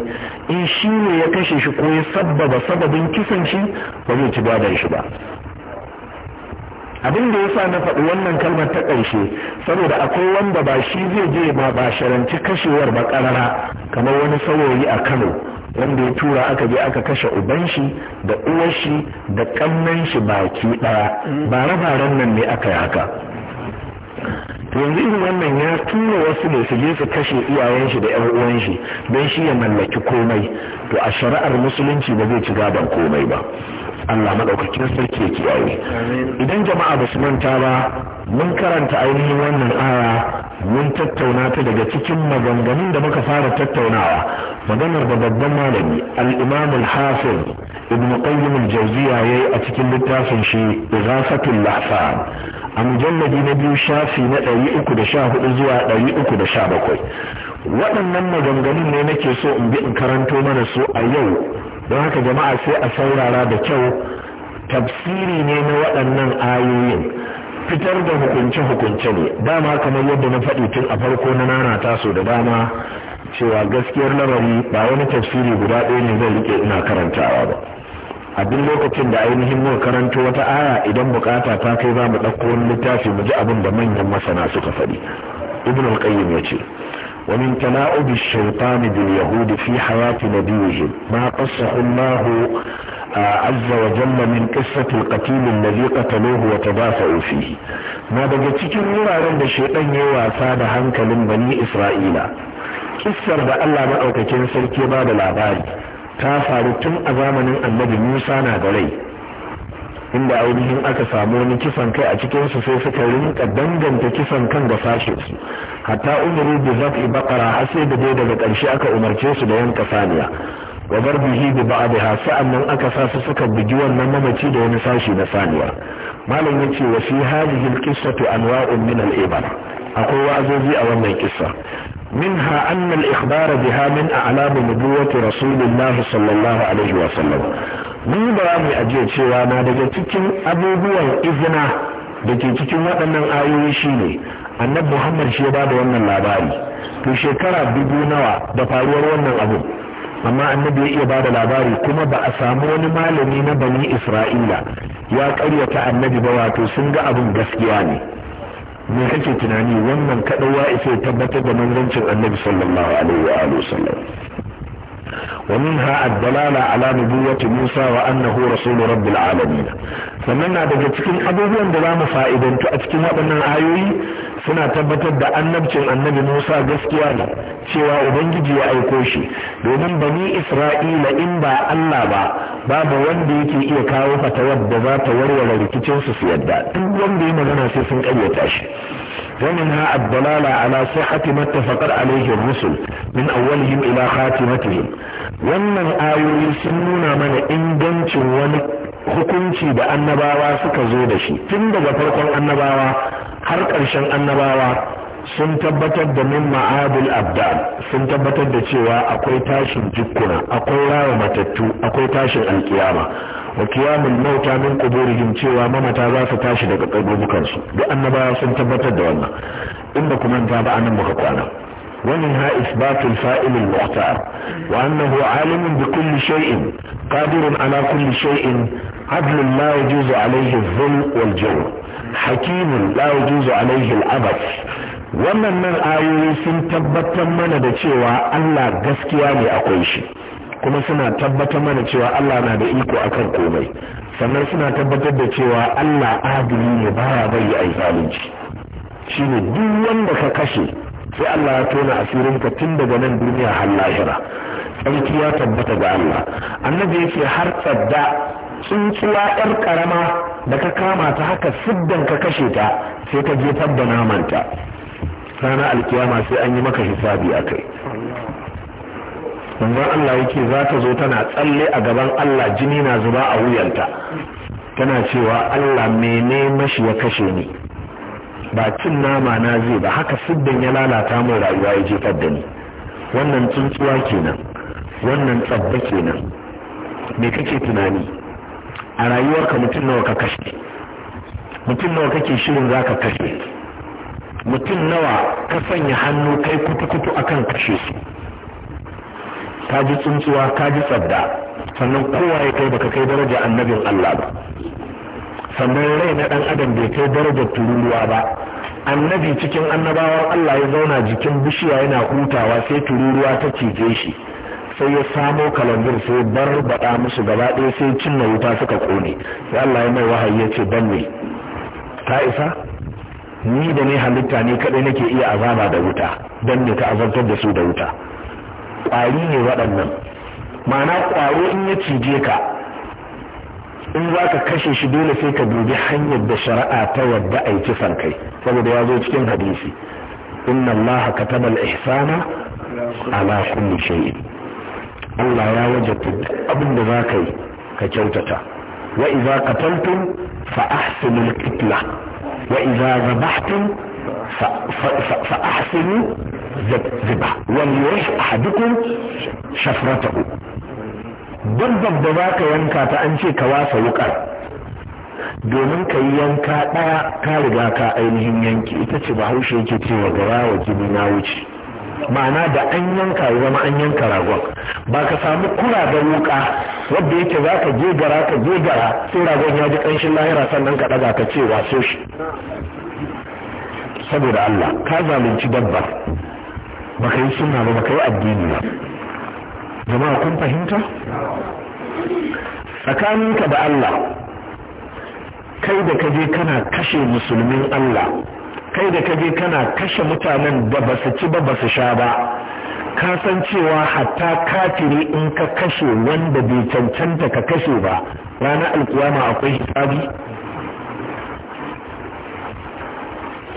in shi ne ya kashe shi ko ya sabbaba sababin kisan shi ba zai ci gadon shi ba abin da yasa na faɗi wannan kalmar ta ƙarshe saboda akwai wanda ba shi zai je ba ba sharanci kashewar ba ƙarara kamar wani saurayi a Kano wanda ya tura aka je aka kashe uban shi da uwar shi da ƙannan shi baki ɗaya bare baren nan ne aka yi haka yanzu irin wannan ya tura wasu ne su je su kashe iyayen shi da yan uwan shi don shi ya mallaki komai to a shari'ar musulunci ba zai ci gaban komai ba Allah sarki ya kiyaye idan jama'a ba su manta ba mun karanta ainihin wannan aya mun tattauna ta daga cikin maganganun da muka fara tattaunawa maganar da babban malami al-Imam al-Hafiz Ibn Qayyim al ya yayi a cikin littafin shi Ighafatul Lahfan a mujalladi na biyu shafi na ɗari da hudu zuwa ɗari da sha bakwai. waɗannan maganganun ne nake so in bi in karanto mana su a yau don haka jama'a sai a saurara da kyau tafsiri ne na waɗannan ayoyin fitar da hukunce-hukunce ne dama kamar yadda na faɗi tun a farko na nana taso da dama cewa gaskiyar lamari ba wani tafsiri guda ɗaya ne zai rike ina karantawa ba a duk lokacin da ainihin mu karanto wata aya idan bukata ta kai za mu ɗauko wani littafi mu ji abin da manyan masana suka faɗi ibn al ya ce ومن تلاعب الشيطان باليهود في حياة ي ا ما قصه الله آه، عز وجل من قصة القتيل الذي قتلوه وتدافعوا فيه ما بقتك الورع عند الشيطان يوافاد هنكل بني إ س ر ا ئ ي ما اوتكن سلكي كافر تم أ ز ا موسى نادري inda ainihin aka samu wani kisan kai a cikin su sai suka rinka danganta kisan kan ga sashe su hatta umaru bi zafi bakara har sai da dai daga ƙarshe aka umarce su da yanka saniya wa garbihi bi ba'daha sa'annan aka sa su suka bugi wannan mamaci da wani sashi na saniya. malam yace wa fi hadhihi al-qissatu anwa'un min al-ibar akwai wa'azozi a wannan kissa منها أن الإخبار بها من أعلام نبوة رسول الله صلى الله عليه وسلم ni ba a ajiye cewa na daga cikin abubuwan izina da ke cikin waɗannan ayoyi shine annabi muhammad shi ya ba da wannan labari to shekara dubu nawa da faruwar wannan abu amma annabi ya iya ba da labari kuma ba a samu wani malami na bani isra'ila ya karyata annabi ba wato sun ga abin gaskiya ne me kake tunani wannan kadawa ya isa tabbatar da manzancin annabi sallallahu alaihi wa sallam ومنها الدلالة على نبوة musa wa annahu رب العالمين sannan na daga cikin abubuwan da za mu fa'idantu a cikin waɗannan ayoyi suna tabbatar da annabcin annabi Musa gaskiya ne cewa Ubangiji ya aiko shi domin bani Isra'ila in ba Allah ba babu wanda yake iya kawo fatawar da za ta warware rikicinsu su yadda duk wanda ya magana sai sun ƙaryata shi ومنها الدلالة على صحة ما اتفقت عليه الرسل من أولهم إلى خاتمتهم ومن sun سنونا من ingancin ونك hukunci da annabawa suka zo da shi tun daga farkon annabawa har ƙarshen annabawa sun tabbatar da min ma'adul abdal sun tabbatar da cewa akwai tashin jikkuna akwai rawa matattu akwai tashin alkiyama wa qiyamul mauta min quburihim cewa mamata za su tashi daga kaburbukan su duk annabawa sun tabbatar da wannan in ba kuma ta ba anan muka kwana ومنها إثبات الفائل المختار وأنه عالم بكل شيء قادر على كل شيء عدل لا يجوز عليه الظلم والجور حكيم لا يجوز عليه العبث wannan nan ayoyi sun tabbatar mana da cewa Allah gaskiya ne akwai shi kuma suna tabbatar mana cewa Allah na da iko akan komai sannan suna tabbatar da cewa Allah adili ne baya bari a zalunci shine duk wanda ka kashe sai Allah ya tona asirinka tun daga nan duniya har lahira tsarki ya tabbata ga Allah annabi yake har tsadda tsuntsuwa yar karama da ka kama ta haka siddan ka kashe ta sai ka jefar da namanta rana alkiyama sai an yi maka hisabi a kai manzon Allah yake za ta zo tana tsalle a gaban Allah jini na zuba a wuyanta tana cewa Allah mene mashi ya kashe ni ba cin nama na zai ba haka siddan ya lalata mai rayuwa ya jefar da ni wannan tsuntsuwa kenan wannan tsabba kenan me kake tunani a rayuwarka mutum nawa ka kashe mutum nawa kake shirin za ka kashe mutum nawa ka sanya hannu kai kutu-kutu akan kashe su ka ji tsuntsuwa ka ji tsabda sannan kowa ya kai baka kai daraja annabin Allah ba sannan rai na dan adam bai kai darajar tururuwa ba annabi cikin annabawa Allah ya zauna jikin bishiya yana hutawa sai tururuwa ta cije shi sai ya samo kalandir sai bar bada musu gaba ɗaya sai cinna wuta suka kone sai Allah ya mai wahayi ya ce dan ne ka isa ni da ne halitta ne kadai nake iya azaba da wuta dan ne ka azabtar da su da wuta ƙwari ne waɗannan ma'ana ƙwaro in ya cije ka in za ka kashe shi dole sai ka dubi hanyar da shari'a ta yadda a yi kisan kai saboda ya zo cikin hadisi inna allaha kataba al-ihsana ala kulli shay'in Allah ya wajabta abin da za ka yi ka kyautata wa idza qataltum fa ahsinu al-qitla wa idza فأحسنوا ذبح وليرش أحدكم شفرته dabbar da za ka yanka ta an ce ka wasa wukar domin ka yi yanka ɗaya ka riga ka ainihin yanki ita ce ba bahaushe yake cewa gara wa jini na wuce ma'ana da an yanka ya zama an yanka ragon ba ka samu kura da wuka wadda yake za ka je gara ka je gara sai ragon ya ji ƙanshin lahira sannan ka ɗaga ka ce waso shi saboda Allah ka zalunci dabba ka yi suna ba ka yi addini ba jama'a kun fahimta tsakaninka da Allah kai da kaje kana kashe musulmin Allah kai da kaje kana kashe mutanen da ba su ci ba ba su sha ba ka san cewa hatta kafiri in ka kashe wanda bai cancanta ka kashe ba ranar alkiyama akwai hisabi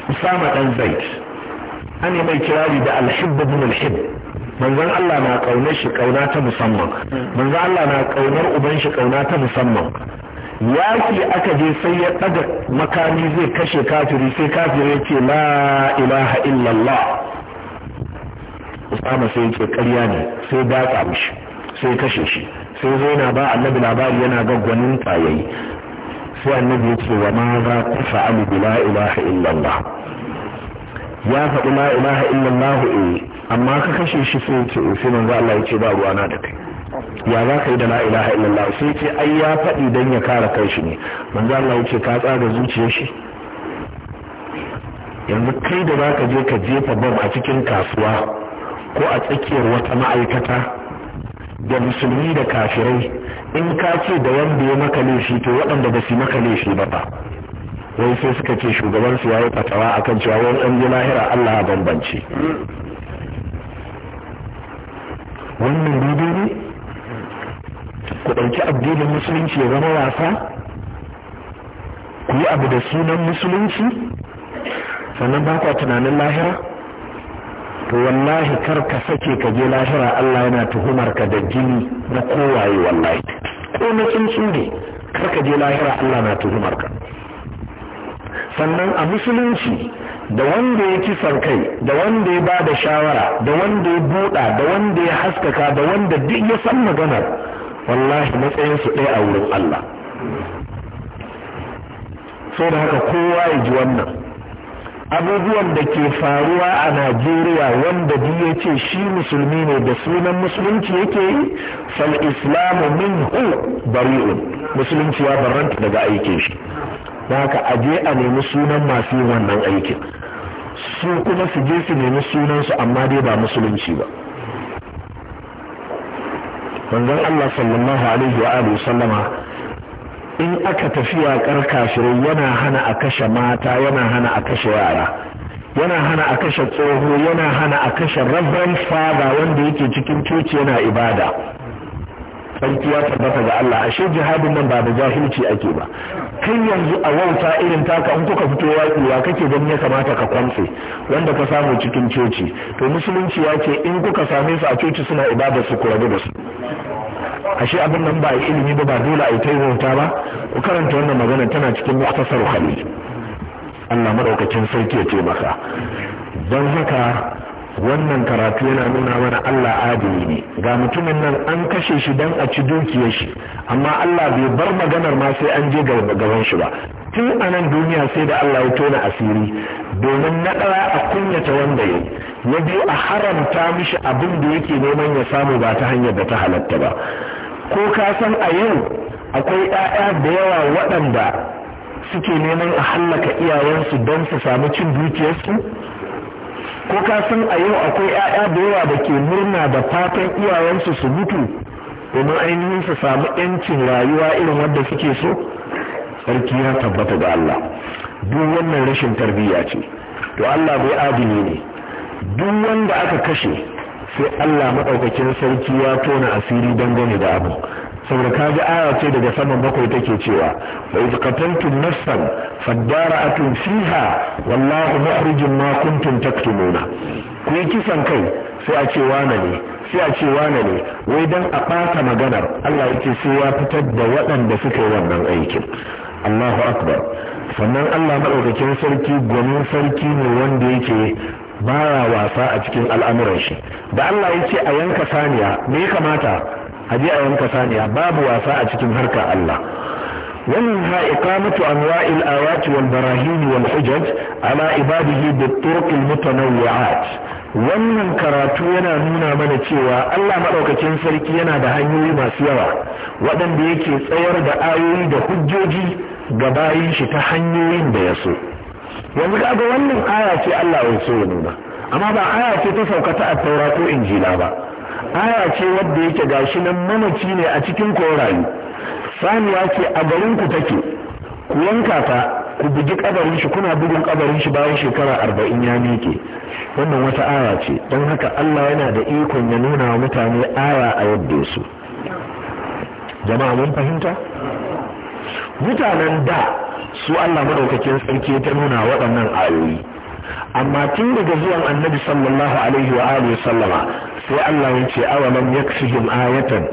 usama dan zaid an yi mai kirari da alhibbu bin alhib manzon Allah na kaunar shi kauna ta musamman manzon Allah na kaunar uban shi kauna ta musamman yaki aka je sai ya daga makami zai kashe kafiri sai kafiri ya la ilaha illallah usama sai ya ce ƙarya ne sai datsa mishi sai kashe shi sai zo yana ba annabi labari yana gaggwanin tayayi sai annabi ya ce wa ma za ku fa'alu bi la ilaha illallah ya faɗi la ilaha illallah eh amma ka kashe shi sai ce eh, sai manzo Allah ya ce ba ruwana da kai ya za ka yi da la ilaha illallah sai ce ai ya faɗi dan ya kare kai shi ne manzo Allah ya ce ka tsaga zuciyar shi yanzu kai da za ka je ka jefa bam a cikin kasuwa ko a tsakiyar wata ma'aikata da musulmi da kafirai in ka ce da wanda ya maka laifi to waɗanda ba su maka laifi ba ba wai sai suka ce shugaban su yi fatawa akan cewa wani an lahira Allah ya bambance wannan daidai ne ku ɗauki addinin musulunci ya zama wasa ku yi abu da sunan musulunci sannan ba kwa tunanin lahira to wallahi kar ka sake ka je lahira Allah yana tuhumar ka da jini na kowaye wallahi ko na tsuntsu ne kar ka je lahira Allah na tuhumar ka sannan a musulunci da wanda ya kisan kai da wanda ya bada shawara da wanda ya buɗa da wanda ya haskaka da wanda duk ya san maganar wallahi matsayinsu ɗaya a wurin Allah so da haka kowa ya ji wannan abubuwan da ke faruwa a najeriya wanda duk ya ce shi musulmi ne da sunan musulunci yake yi fal islamu hu bari'un musulunci ya barranta daga aikin shi zaka haka a je a nemi sunan masu yin wannan aikin su kuma su je su nemi sunansu amma dai ba musulunci ba manzon Allah sallallahu alaihi wa alihi sallama in aka tafiya kar kafirai yana hana a kashe mata yana hana a kashe yara yana hana a kashe tsoho yana hana a kashe reverend father wanda yake cikin coci yana ibada sarki ya tabbata ga Allah ashe jihadin nan ba da jahilci ake ba kai yanzu a wauta irin taka in kuka fito yaƙi ya kake gani ya kamata ka kwamfe wanda ka samu cikin coci to musulunci ya ce in kuka same su a coci suna ibada su ku da su ashe abin nan ba ilimi ba ba dole a yi ta wauta ba ku karanta wannan magana tana cikin muktasar khalil Allah madaukakin sarki ya taimaka don haka wannan karatu yana nuna mana Allah adili ne ga mutumin nan an kashe shi don a ci dukiyar shi amma Allah bai bar maganar ma sai an je gaban shi ba tun a nan duniya sai da Allah ya tona asiri domin na ɗaya a kunyata wanda ya na biyu a haramta mishi abin da yake neman ya samu ba ta hanyar da ta halatta ba ko ka san a yau akwai 'ya'ya da yawa waɗanda suke neman a hallaka iyayensu don su samu cin dukiyarsu ko ka san a yau akwai 'ya'ya da yawa da ke murna da fatan iyayensu su mutu domin ainihin su samu 'yancin rayuwa irin wanda suke so sarki ya tabbata ga Allah duk wannan rashin tarbiyya ce to Allah bai adili ne duk wanda aka kashe sai Allah maɗaukacin sarki ya tona asiri dangane da abu saboda kaji aya ce daga saman bakwai take cewa wa iz qataltum nafsan fadara'atun fiha wallahu mukhrijum ma kuntum taktumuna ku yi kisan kai sai a ce wane ne sai a ce wane ne wai dan a ɓata maganar Allah yake sai ya fitar da waɗanda suka yi wannan aikin Allahu akbar sannan Allah madaukakin sarki gwanin sarki ne wanda yake baya wasa a cikin al'amuran shi da Allah ya ce a yanka saniya me ya kamata haji a yanka saniya babu wasa a cikin harkar Allah wannan wal barahin wal hujaj ala ibadihi على turuq al mutanawwi'at wannan karatu yana nuna mana cewa Allah maɗaukacin sarki yana da hanyoyi masu yawa waɗanda yake tsayar da ayoyi da hujjoji ga bayin shi ta hanyoyin da ya so yanzu kaga wannan aya ce Allah ya so ya nuna amma ba aya ce ta saukata a taurato injila ba aya ce wadda yake gashi nan mamaci ne a cikin Sani saniya ce a garin ku take ku yanka ta ku bugi kabarin shi kuna bugun kabarin shi bayan shekara arba'in ya miƙe wannan wata aya ce don haka Allah yana da ikon ya nuna wa mutane aya a yadda su jama'a mun fahimta mutanen da su Allah maɗaukakin sarki ta nuna waɗannan ayoyi amma tun daga zuwan annabi sallallahu alaihi wa alihi sallama sai Allah ya ce awalam yaksihim ayatan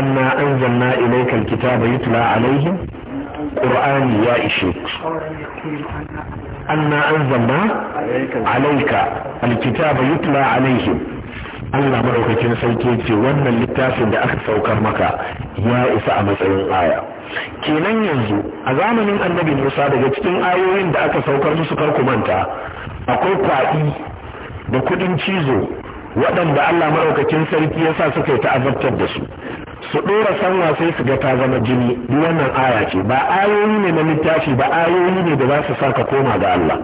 anna anzalna ilayka alkitaba yutla alaihim qur'ani ya ishe anna anzalna alayka alkitaba yutla alaihim Allah madaukakin sarki ya ce wannan littafin da aka saukar maka ya isa a matsayin aya kenan yanzu a zamanin annabi Musa daga cikin ayoyin da aka saukar musu karku manta akwai kwaɗi da kuɗin cizo waɗanda Allah maɗaukakin sarki ya sa suka yi ta'azabtar da su su ɗora sanwa sai su ga ta zama jini duk wannan aya ce ba ayoyi ne na littafi ba ayoyi ne da za su sa ka koma ga Allah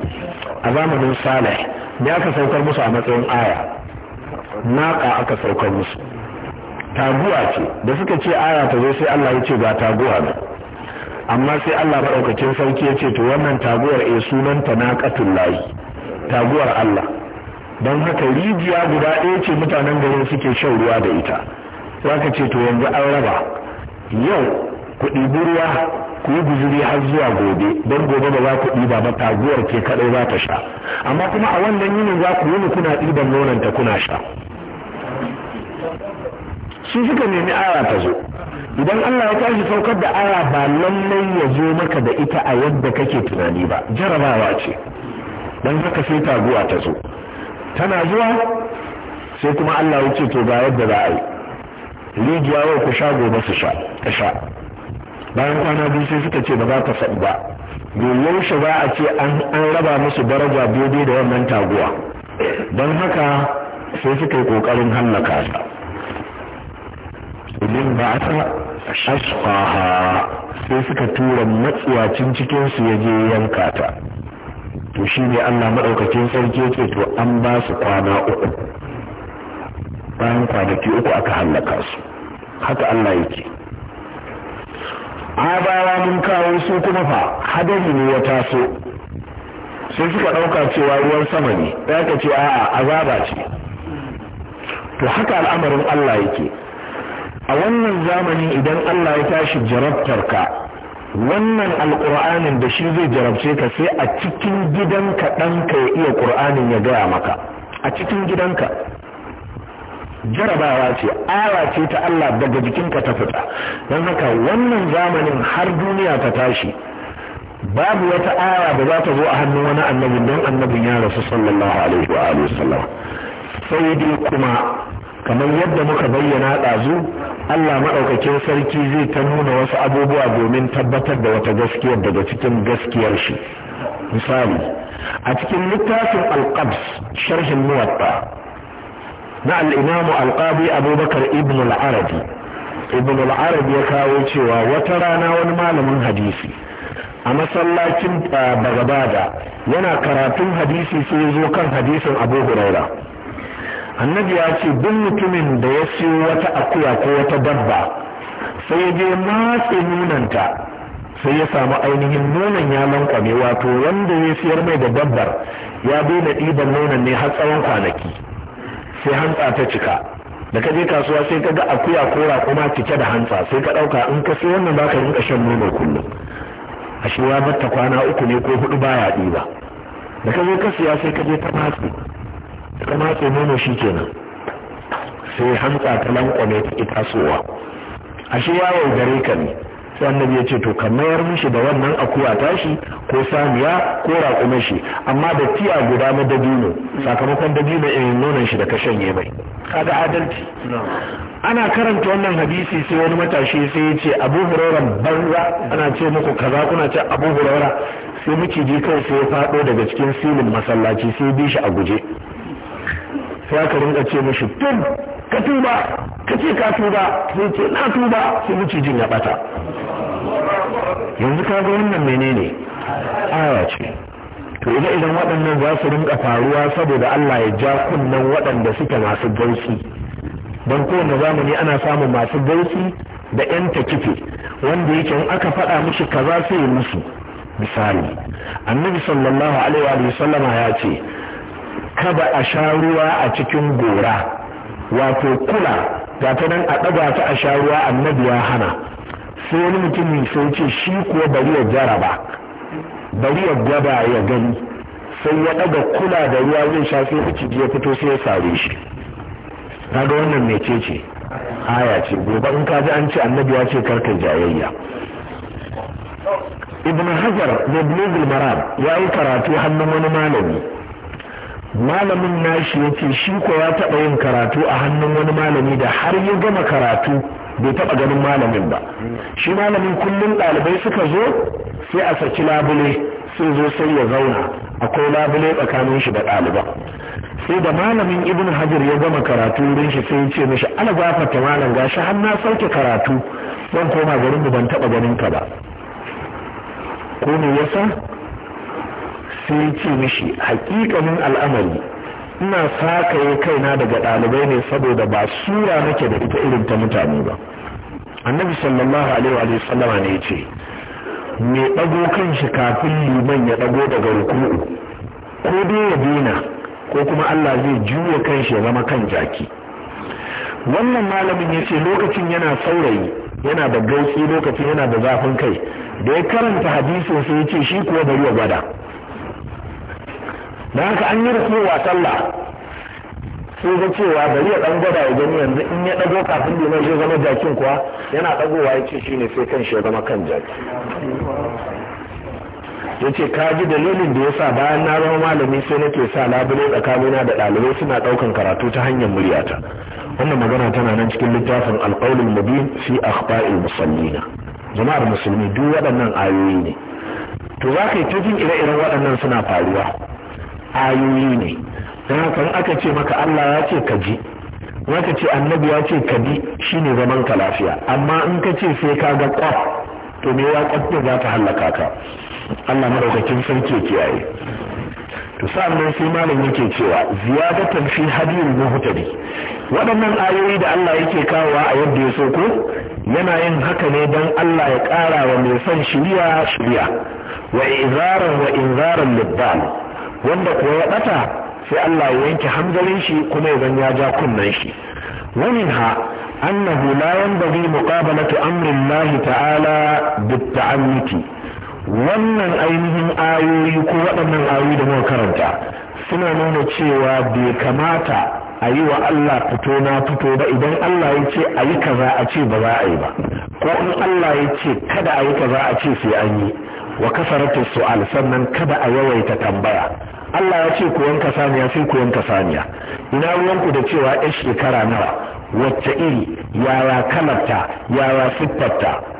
a zamanin salih ne aka saukar musu a matsayin aya naƙa aka saukar musu taguwa ce da suka ce aya ta zo sai Allah ya ce ba taguwa ba, amma sai Allah maɗaukakin sarki ya ce to wannan taguwar e sunanta naqatul layi. taguwar Allah don haka rijiya guda ɗaya ce mutanen garin suke shan ruwa da ita za ka ce to yanzu an raba yau kuɗi ɗibi ruwa ku yi guzuri har zuwa gobe don gobe ba za ku ɗiba ba taguwar ke kaɗai za ta sha amma kuma a wannan yinin za ku yi kuna ɗiban ta kuna sha su suka nemi aya ta zo idan Allah ya tashi saukar da aya ba lallai ya zo maka da ita a yadda kake tunani ba jarabawa ce don haka sai taguwa ta zo tana zuwa sai kuma Allah ya ce to ga yadda za a yi rijiya wa ku sha gobe su sha ta sha bayan kwana biyu sai suka ce ba za ta faɗi ba domin shi za a ce an raba musu daraja daidai da wannan taguwa don haka sai suka yi ƙoƙarin hallaka ta idan ba a sa sai suka tura matsiyacin cikinsu ya je yanka ta to shi ne allah maɗaukakin sarki yake to an ba su kwana uku bayan kwanaki uku aka hallaka su haka allah yake abawa mun kawo su kuma fa hadari ne ya taso sai suka ɗauka cewa ruwan sama ne ya ka ce a'a azaba ce to haka al'amarin allah yake a wannan zamani idan allah ya tashi jarabtar ka wannan alƙur'anin da shi zai jarabce ka sai a cikin gidanka ɗanka ya iya ƙur'anin ya gaya maka a cikin gidanka jarabawa ce ara ce ta Allah daga jikinka ta fita don haka wannan zamanin har duniya ta tashi babu wata ara da za ta zo a hannun wani annabi don annabin ya rasu sallallahu alaihi wa sallam sai dai kuma kamar yadda muka bayyana ɗazu Allah maɗaukakin sarki zai ta nuna wasu abubuwa domin tabbatar da wata gaskiyar daga cikin gaskiyar shi misali a cikin littafin alqabs sharhin muwatta na al'imamu alqabi abubakar ibn al-arabi ibn al ya kawo cewa wata rana wani malamin hadisi a masallacin ah, bagabada yana karatun hadisi sai zo kan hadisin abu huraira annabi ya ce duk mutumin da ya siyo wata akuya ko wata dabba sai ya je matse nunanta sai ya samu ainihin nonon ya lankwame wato wanda ya siyar mai da dabbar ya daina ɗiban nunan ne har tsawon kwanaki sai hantsa ta cika da ka je kasuwa sai ka ga akuya ko raƙuma cike da hantsa sai ka ɗauka in ka sai wannan baka rinka shan nono kullum a shi ya batta kwana uku ne ko hudu baya ɗiba da ka je ka siya sai ka je ta matse ta ke nono shi kenan sai hamza ta lankwame ta ita a ashe yawo gare ka ne sai annabi ya ce to ka mayar mishi da wannan akuwa tashi ko saniya ko raƙuma shi amma da tiya guda na dabino sakamakon dabino irin nonon shi da ka shanye mai kaga adalci ana karanta wannan hadisi sai wani matashi sai ya ce abu hurairar banza ana ce muku kaza kuna ce abu huraira sai miciji kawai sai ya faɗo daga cikin silin masallaci sai bi shi a guje sai aka rinka ce mishi tun ka tuba ka ce ka tuba sai ce na tuba sai jin ya bata yanzu ka ga wannan menene aya ce to ina idan waɗannan za su rinka faruwa saboda Allah ya ja kunnen waɗanda suke masu gausi don kowane zamani ana samun masu gausi da 'yan takife wanda yake in aka faɗa mishi kaza sai musu misali annabi sallallahu alaihi wa sallama ya ce kada a sha ruwa a cikin gora wato kula ga ta nan a ɗaga ta a sha ruwa annabi ya hana sai wani mutum sai ce shi kuwa bari ya jaraba bari ya gwada ya gani sai ya ɗaga kula da ruwa zai sha sai ciki ya fito sai ya sare shi kaga wannan mece ce aya ce gobe in ka ji an ce annabi ya ce karka jayayya ibn hajar da bulugul maram ya yi karatu hannun wani malami malamin nashi ya ce shi ko ya taɓa yin karatu a hannun wani malami da har ya gama karatu bai taɓa ganin malamin ba shi malamin kullum ɗalibai suka zo sai a saki labule sai zo sai ya zauna akwai labule tsakanin shi da ɗaliban sai da malamin ibn hajar ya gama karatu wurin shi sai ya ce mishi ana ta malam gashi har na sauke karatu zan koma garin mu ban taɓa ganin ka ba ko me yasa sai ya ce mishi hakikanin al'amari ina sakaye kaina daga ɗalibai ne saboda ba sura nake da ita irin ta mutane ba annabi sallallahu alaihi wa sallama ne ya ce me ɗago kan shi kafin liman ya ɗago daga ruku'u ko dai ya dina ko kuma Allah zai juya kan shi ya zama kan jaki wannan malamin ya ce lokacin yana saurayi yana da gautsi lokacin yana da zafin kai da ya karanta hadisin sai ya ce shi kuwa bari ya gwada da haka an yi wa sallah sai ga cewa bari ya dan gwada ya gani yanzu in ya dago kafin da ya zama jakin kuwa yana dagowa ya ce shi ne sai kan shi ya zama kan jaki ya ce ka ji dalilin da ya sa bayan na zama malami sai nake sa labule tsakanina da ɗalibai suna ɗaukan karatu ta hanyar muryata wannan magana tana nan cikin littafin alƙaulul mubin fi akhba'il musallina jama'ar musulmi duk waɗannan ayoyi ne to za ka yi ta jin ire-iren waɗannan suna faruwa ayoyi ne don haka aka ce maka Allah ya ce ka ji zaka ce annabi ya ce ka bi shine zaman ka lafiya amma in ka ce sai ka ga ƙwaf to me ya kwaf za ta hallaka ka Allah madaukakin sarki ya kiyaye to sa'annan sai malam yake cewa ziyadatan fi hadiyul muhtadi waɗannan ayoyi da Allah yake kawowa a yadda ya so ko yana yin haka ne don Allah ya ƙara wa mai son shiriya shiriya wa izaran wa inzaran libbal wanda kuwa ya ɓata sai Allah ya yanke hanzarin shi kuma idan ya ja kunnan shi ومنها أنه لا ينبغي مقابلة أمر الله ta'ala بالتعنت wannan ainihin ayoyi ko waɗannan ayoyi da muka karanta suna nuna cewa bai kamata a yi wa Allah fito na fito ba idan Allah ya ce a yi kaza a ce ba za a yi ba ko in Allah ya ce kada a yi kaza a ce sai an yi wa kasaratu su'al sannan kada a yawaita tambaya Allah ya ce ku wanka saniya sai ku wanka saniya ina ruwanku da cewa 'yar shekara nawa wacce iri yaya kalarta yaya siffarta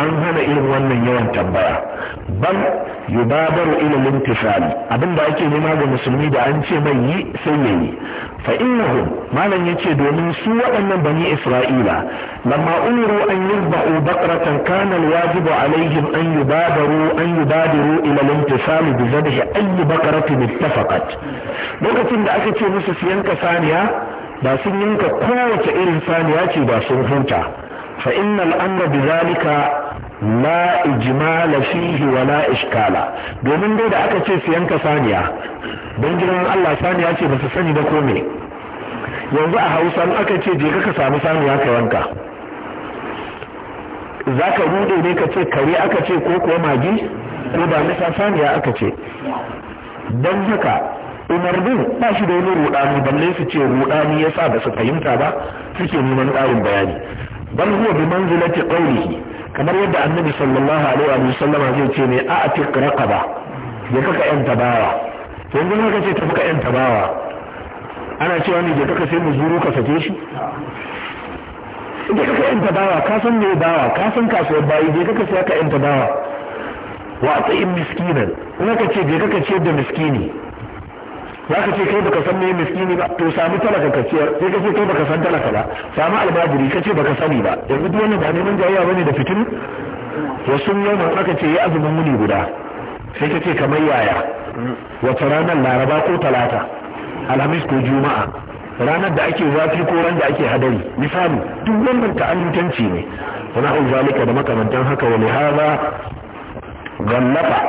an hana irin wannan yawan tambaya bal yubabaru ila al-intifal Abinda ake nema ga musulmi da an ce mai yi sai yayi fa innahum malan yace domin su waɗannan bani isra'ila lamma umiru an yadba'u baqratan kana al-wajib alaihim an yubabaru an yubadiru ila al-intifal bi zabhi ayyi baqratin ittafaqat lokacin da aka ce musu su yanka saniya ba sun yanka kowace irin saniya ce ba sun huta. fa innal amra bi zalika la إجمال فيه wa إشكال ishkala domin dai da aka ce su yanka saniya don ثانية Allah saniya ce ba su sani da kome yanzu a ثانية aka ce je ka samu saniya ka yanka za ka rude ne ka ce kare aka ce ko kuwa magi ko ba haka umarnin ba shi da wani rudani balle su ce rudani ya sa ba su fahimta ba suke neman ƙarin bayani bal huwa bi manzilati qawlihi kamar yadda annabi sallallahu alaihi wa sallama zai ce ne a atiq raqaba ya kaka yan tabawa yanzu haka ce ta fuka yan tabawa ana cewa ne je kaka sai mu zuru ka sake shi je kaka yan tabawa ka san me bawa ka san kasuwar bayi je kaka sai ka yan tabawa wa ata'im miskinan in ka ce kaka ce da miskini za ka ce kai baka san me miskini ba to sami talaka ka sai ka ce kai baka san talaka ba sami albajiri ka ce baka sani ba yanzu duk wannan ba neman jayayya bane da fitin wasu yau aka ce ya azumin wuni guda sai ka ce kamar yaya wata ranar laraba ko talata alhamis ko juma'a ranar da ake zafi ko ran da ake hadari misali duk wannan ta'allutanci ne wani auzalika da makamantan haka wani haza gallafa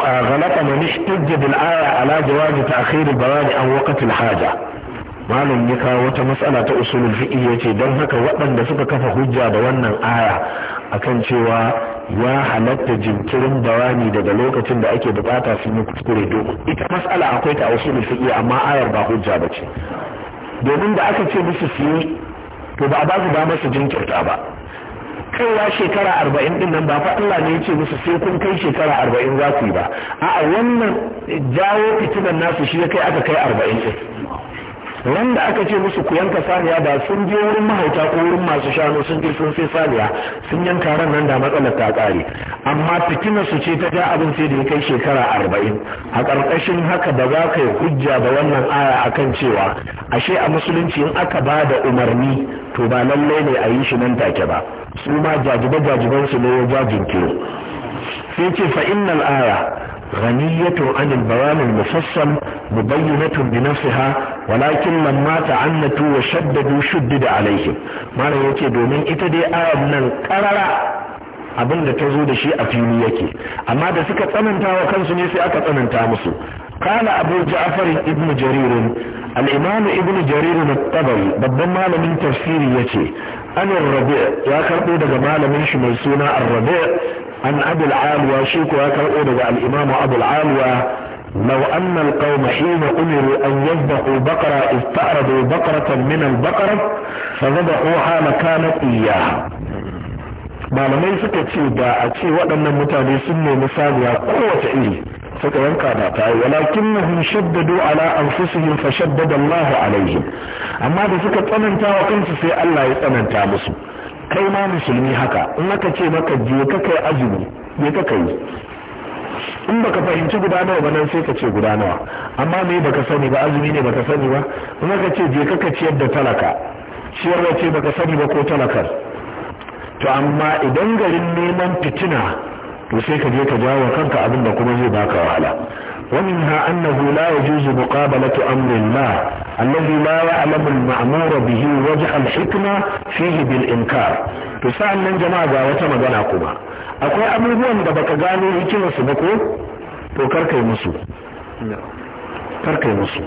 غلط من احتج بالآية على جواز تأخير البيان عن وقت الحاجة malam ya kawo wata matsala ta usulul ya yace don haka waɗanda suka kafa hujja da wannan aya akan cewa ya halatta jinkirin bayani daga lokacin da ake bukata sun yi kuskure domin ita matsala akwai ta usulul fiqh amma ayar ba hujja ce. domin da aka ce musu su yi to ba a ba su damar su jinkirta ba kaiwa shekara arba'in din nan ba fa Allah ne ya ce musu sai kun kai shekara arba'in za ku yi ba a'a wannan jawo fitinan nasu shi ya kai aka kai arba'in din wanda aka ce musu ku yanka saniya da sun je wurin mahauta ko wurin masu shanu sun je sun sai saniya sun yanka ran nan da matsalar ta kare amma fitinan su ce ta ja abin sai da ya kai shekara arba'in a ƙarƙashin haka ba za ka yi hujja da wannan aya akan cewa ashe a musulunci in aka ba da umarni to ba lallai ne a yi shi nan take ba suma ma jajibe su ne ya jajinke sai ce fa'innan aya raniyyatun anil bayanin musassan mubayyanatun bi nafsiha walakin lamma ta'annatu wa shaddadu shuddida alaihim mana yake domin ita dai ayar nan karara abinda ta zo da shi a fili yake amma da suka tsananta wa kansu ne sai aka tsananta musu kala abu ja'far ibn jarir al-imam ibnu jarir na tabari babban malamin tafsiri yace أن الربيع يا كربو دا جمال منش مرسونا الربيع أن أبو العال واشوكو يا كربو دا الإمام أبو العال لو أن القوم حين أمروا أن يذبحوا بقرة استعرضوا بقرة من البقرة فذبحوها مكانت إياها ما لم ce da a ce waɗannan mutane sun nemi saniya kowace suka yanka ba ta yi walakinnahum shaddadu ala anfusihim fa shaddada Allah alaihi amma da suka tsananta wa kansu sai Allah ya tsananta musu kai ma musulmi haka in aka ce maka je ka kai azumi je ka kai in baka fahimci guda nawa ba nan sai ka ce guda nawa amma me baka sani ba azumi ne baka sani ba in aka ce je ka ka ciyar da talaka ciyarwa ce baka sani ba ko talakar to amma idan garin neman fitina sai ka je ka jawo kanka abin da kuma zai baka wahala ومنها انه لا يجوز مقابله امر الله الذي لا يعلم المعمور به وجه الحكمه فيه بالانكار فسان من جماعه ga wata magana kuma akwai abubuwan da baka gane hikima su ba ko to karkai musu karkai musu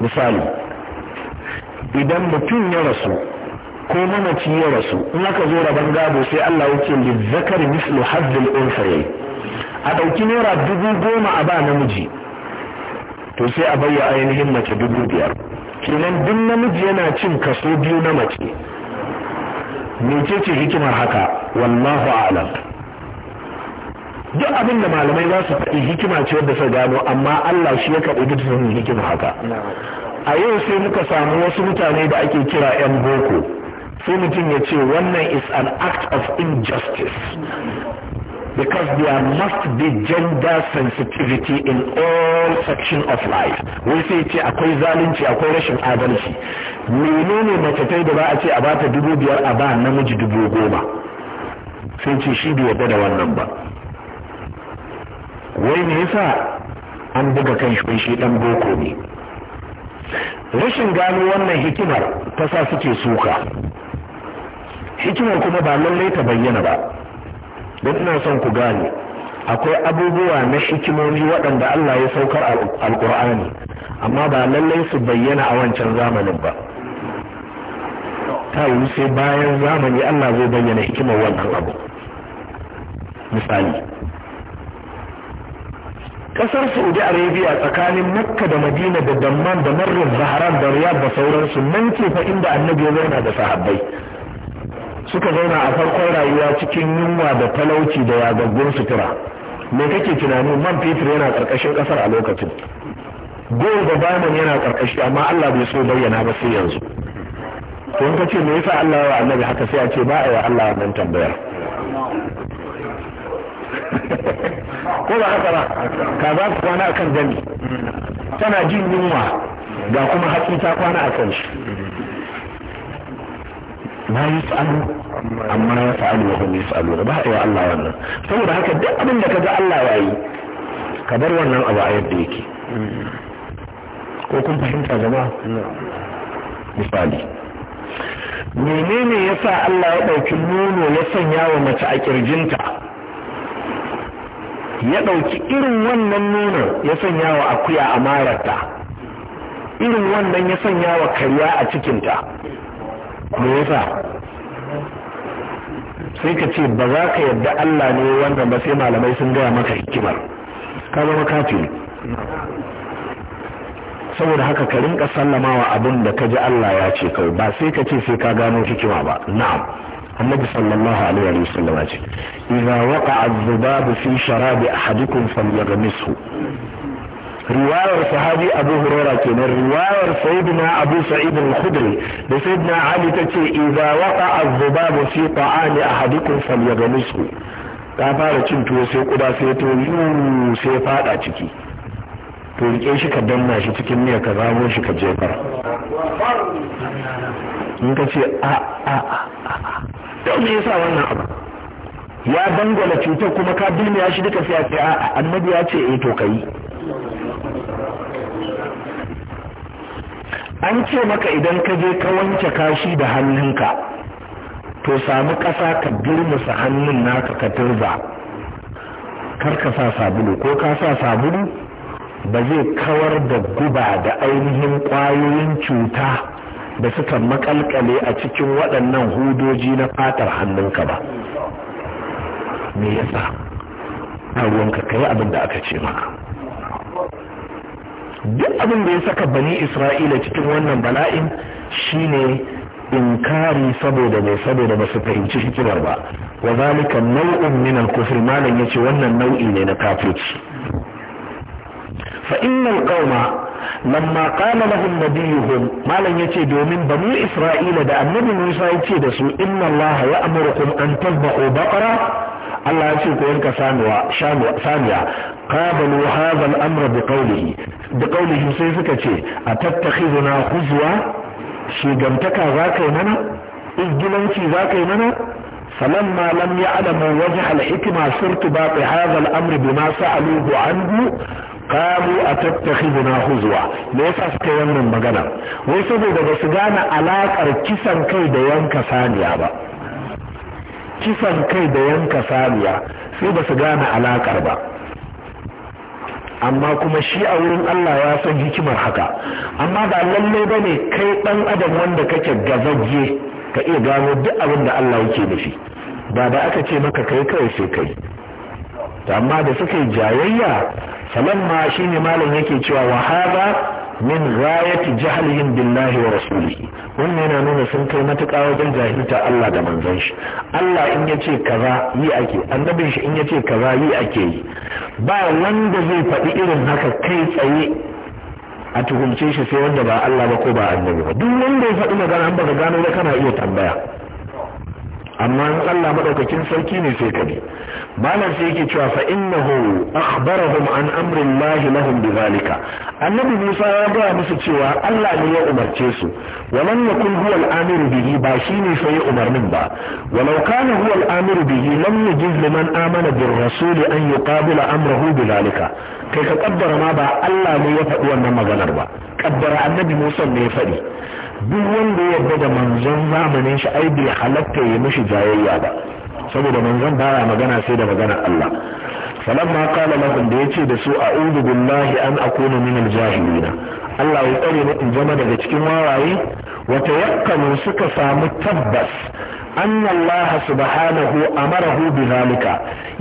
misali idan mutum ya rasu ko mamaci ya rasu in aka zo rabon gado sai Allah yake lizzakar mislu haddil unsayi a ɗauki naira dubu goma a ba namiji to sai a bayya ainihin mace dubu biyar kenan duk namiji yana cin kaso biyu na mace mece ce hikimar haka wallahu a'lam duk abin da malamai za su faɗi hikima ce wadda su gano amma Allah shi ya kaɗi duk sun hikima haka a yau sai muka samu wasu mutane da ake kira 'yan boko sai mutum ya ce wannan is an act of injustice because there must be gender sensitivity in all section of life wai sai ce akwai zalunci akwai rashin adalci menene mace tai da ba a ce a bata dubu biyar a ba namiji dubu goma sai ce shi bai yarda da wannan ba wai me yasa an buga kan shi shi dan boko ne rashin gano wannan hikimar ta sa suke suka Hikima kuma ba lallai ta bayyana ba don ina son ku gane akwai abubuwa na hikimomi waɗanda Allah ya saukar alƙur'ani amma ba lallai su bayyana a wancan zamanin ba ta yi sai bayan zamani Allah zai bayyana hikimar wannan abu misali kasar saudi arabia tsakanin makka da madina da damman da marrin zaharan da riyad da sauransu nan ke fa inda annabi ya zauna da sahabbai suka zauna a farkon rayuwa cikin yunwa da talauci da yagaggun sutura me kake tunani man fetur yana karkashin kasar a lokacin gol da diamond yana karkashi amma Allah bai so bayyana ba sai yanzu to in kace me yasa Allah ya annabi haka sai a ce ba a yi Allah wannan tambayar ko ba haka ba ka za ku kwana akan dami tana jin yunwa ga kuma hatsi ta kwana akan shi ma yi tsalu amma ya sa'alu wa hum yas'aluna ba a ya Allah wannan saboda haka duk abin da kaga Allah ya yi ka bar wannan abu a yadda yake ko kun fahimta jama'a misali menene ya sa Allah ya ɗauki nono ya sanya wa mace a kirjinta ya ɗauki irin wannan nono ya sanya wa akuya a mararta irin wannan ya sanya wa karya a cikinta me yasa sai ka ce ba za ka yadda Allah ne wanda ba sai malamai sun gaya maka hikimar ka zama ne. saboda haka ka rinka sallamawa abin da ka ji Allah ya ce kawai ba sai ka ce sai ka gano hikima ba na'am annabi sallallahu alaihi wa sallam ce idza waqa'a adh-dhubabu fi sharabi ahadikum falyaghmishu riwayar sahabi abu hurera kenan riwayar sayyidina abu sa'id al-khudri da sayyidina ali tace idza waqa az-zubab fi ta'ami ahadikum falyaghmisu ka fara cin tuwo sai kuda sai to yu sai fada ciki to rike shi ka danna shi cikin miya ka zamo shi ka jefar in ka ce a a a yau me yasa wannan abu ya dangwala cutar kuma ka dinga shi duka sai a annabi ya ce eh to kai an ce maka idan ka je ka wanke kashi da hannunka to samu ƙasa ka girmasa hannun naka ka turza kar sa sabulu ko ka sa sabulu ba zai kawar da guba da ainihin ƙwayoyin cuta da suka makalkale a cikin waɗannan hudoji na fatar hannunka ba me yasa a ruwanka ka yi abin da aka ce maka duk abin da ya saka bani isra'ila cikin wannan bala'in shine inkari saboda bai saboda ba su fahimci hikimar ba wa zalika nau'in min al-kufr ya yace wannan nau'i ne na kafirci fa innal qauma lamma qala lahum nabiyuhum malam yace domin bani isra'ila da annabi Musa yace da su inna allaha ya'murukum an tadba'u baqara Allah ya ce ku yanka saniya qabalu hadha al-amr bi sai suka ce atattakhizuna huzwa shi gamtaka zaka yi mana izgilanci zaka yi mana falamma lam ya'lamu wajh al-hikma sirtu baqi hadha al-amr bima anhu qalu atattakhizuna huzwa me yasa suka yi wannan magana wai saboda ba su gane alakar kisan kai da yanka saniya ba kisan kai da yanka saniya sai ba su gane alakar ba amma kuma shi a wurin Allah ya san hikimar haka amma ba lallai ba ne kai ɗan adam wanda kake gazagge ka iya gano duk abin da Allah yake nufi ba da aka ce maka kai kawai sai kai amma da suka yi jayayya salamma ne malam yake cewa wahaba min ghayati jahlihim billahi wa rasulihi wannan yana nuna sun kai matuƙa wajen jahilta Allah da manzon shi Allah in yace kaza yi ake annabin shi in yace kaza yi ake yi ba wanda zai faɗi irin haka kai tsaye a tuhumce shi sai wanda ba Allah ba ko ba annabi ba duk wanda ya faɗi magana an baka gano ba kana iya tambaya amma in Allah madaukakin sarki ne sai ka bi malam sai yake cewa fa innahu akhbarahum an amri Allah lahum bidhalika annabi Musa ya gaya musu cewa Allah ne ya umarce su walam yakun huwa al-amir bihi ba shine sai ya umarnin ba walau kana huwa al-amir bihi lam yajiz liman amana bir rasul an yuqabila amrahu bidhalika kai ka kaddara ma ba Allah ne ya faɗi wannan maganar ba kaddara annabi Musa ne ya faɗi duk wanda ya yarda da manzon zamanin shi ai bai halatta ya mishi jayayya ba saboda manzon baya magana sai da magana Allah falamma qala lahum da yace da su a'udhu billahi an akuna min al Allah ya tsare ni in zama daga cikin wawaye wa tayakkanu suka samu tabbas anna Allah subhanahu mara bi zalika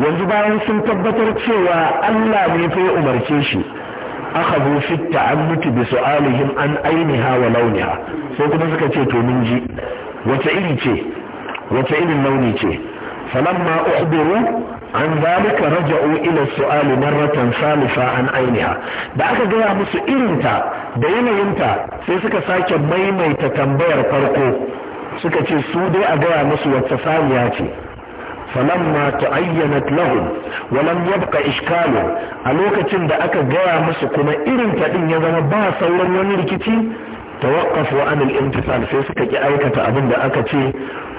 yanzu bayan sun tabbatar cewa Allah ne fa ya umarce shi Aka akhadhu an mutu bi su su'alihim an ainiha wa launiha sai kuma suka ce to mun ji wace iri ce wace irin launi ce فلما أخبروا عن ذلك رجعوا إلى السؤال مرة ثالثة عن عينها da aka gaya musu irinta da yanayinta sai suka sake maimaita tambayar farko suka ce su dai a gaya musu wacce saniya ce فلما تعينت لهم ولم يبقى إشكال ألوكة دا أكا جاء مسكما إرن تأين يزم باسا ولم ينركتي توقفوا عن الامتثال سيسكا أيكة أبن دا أكا تي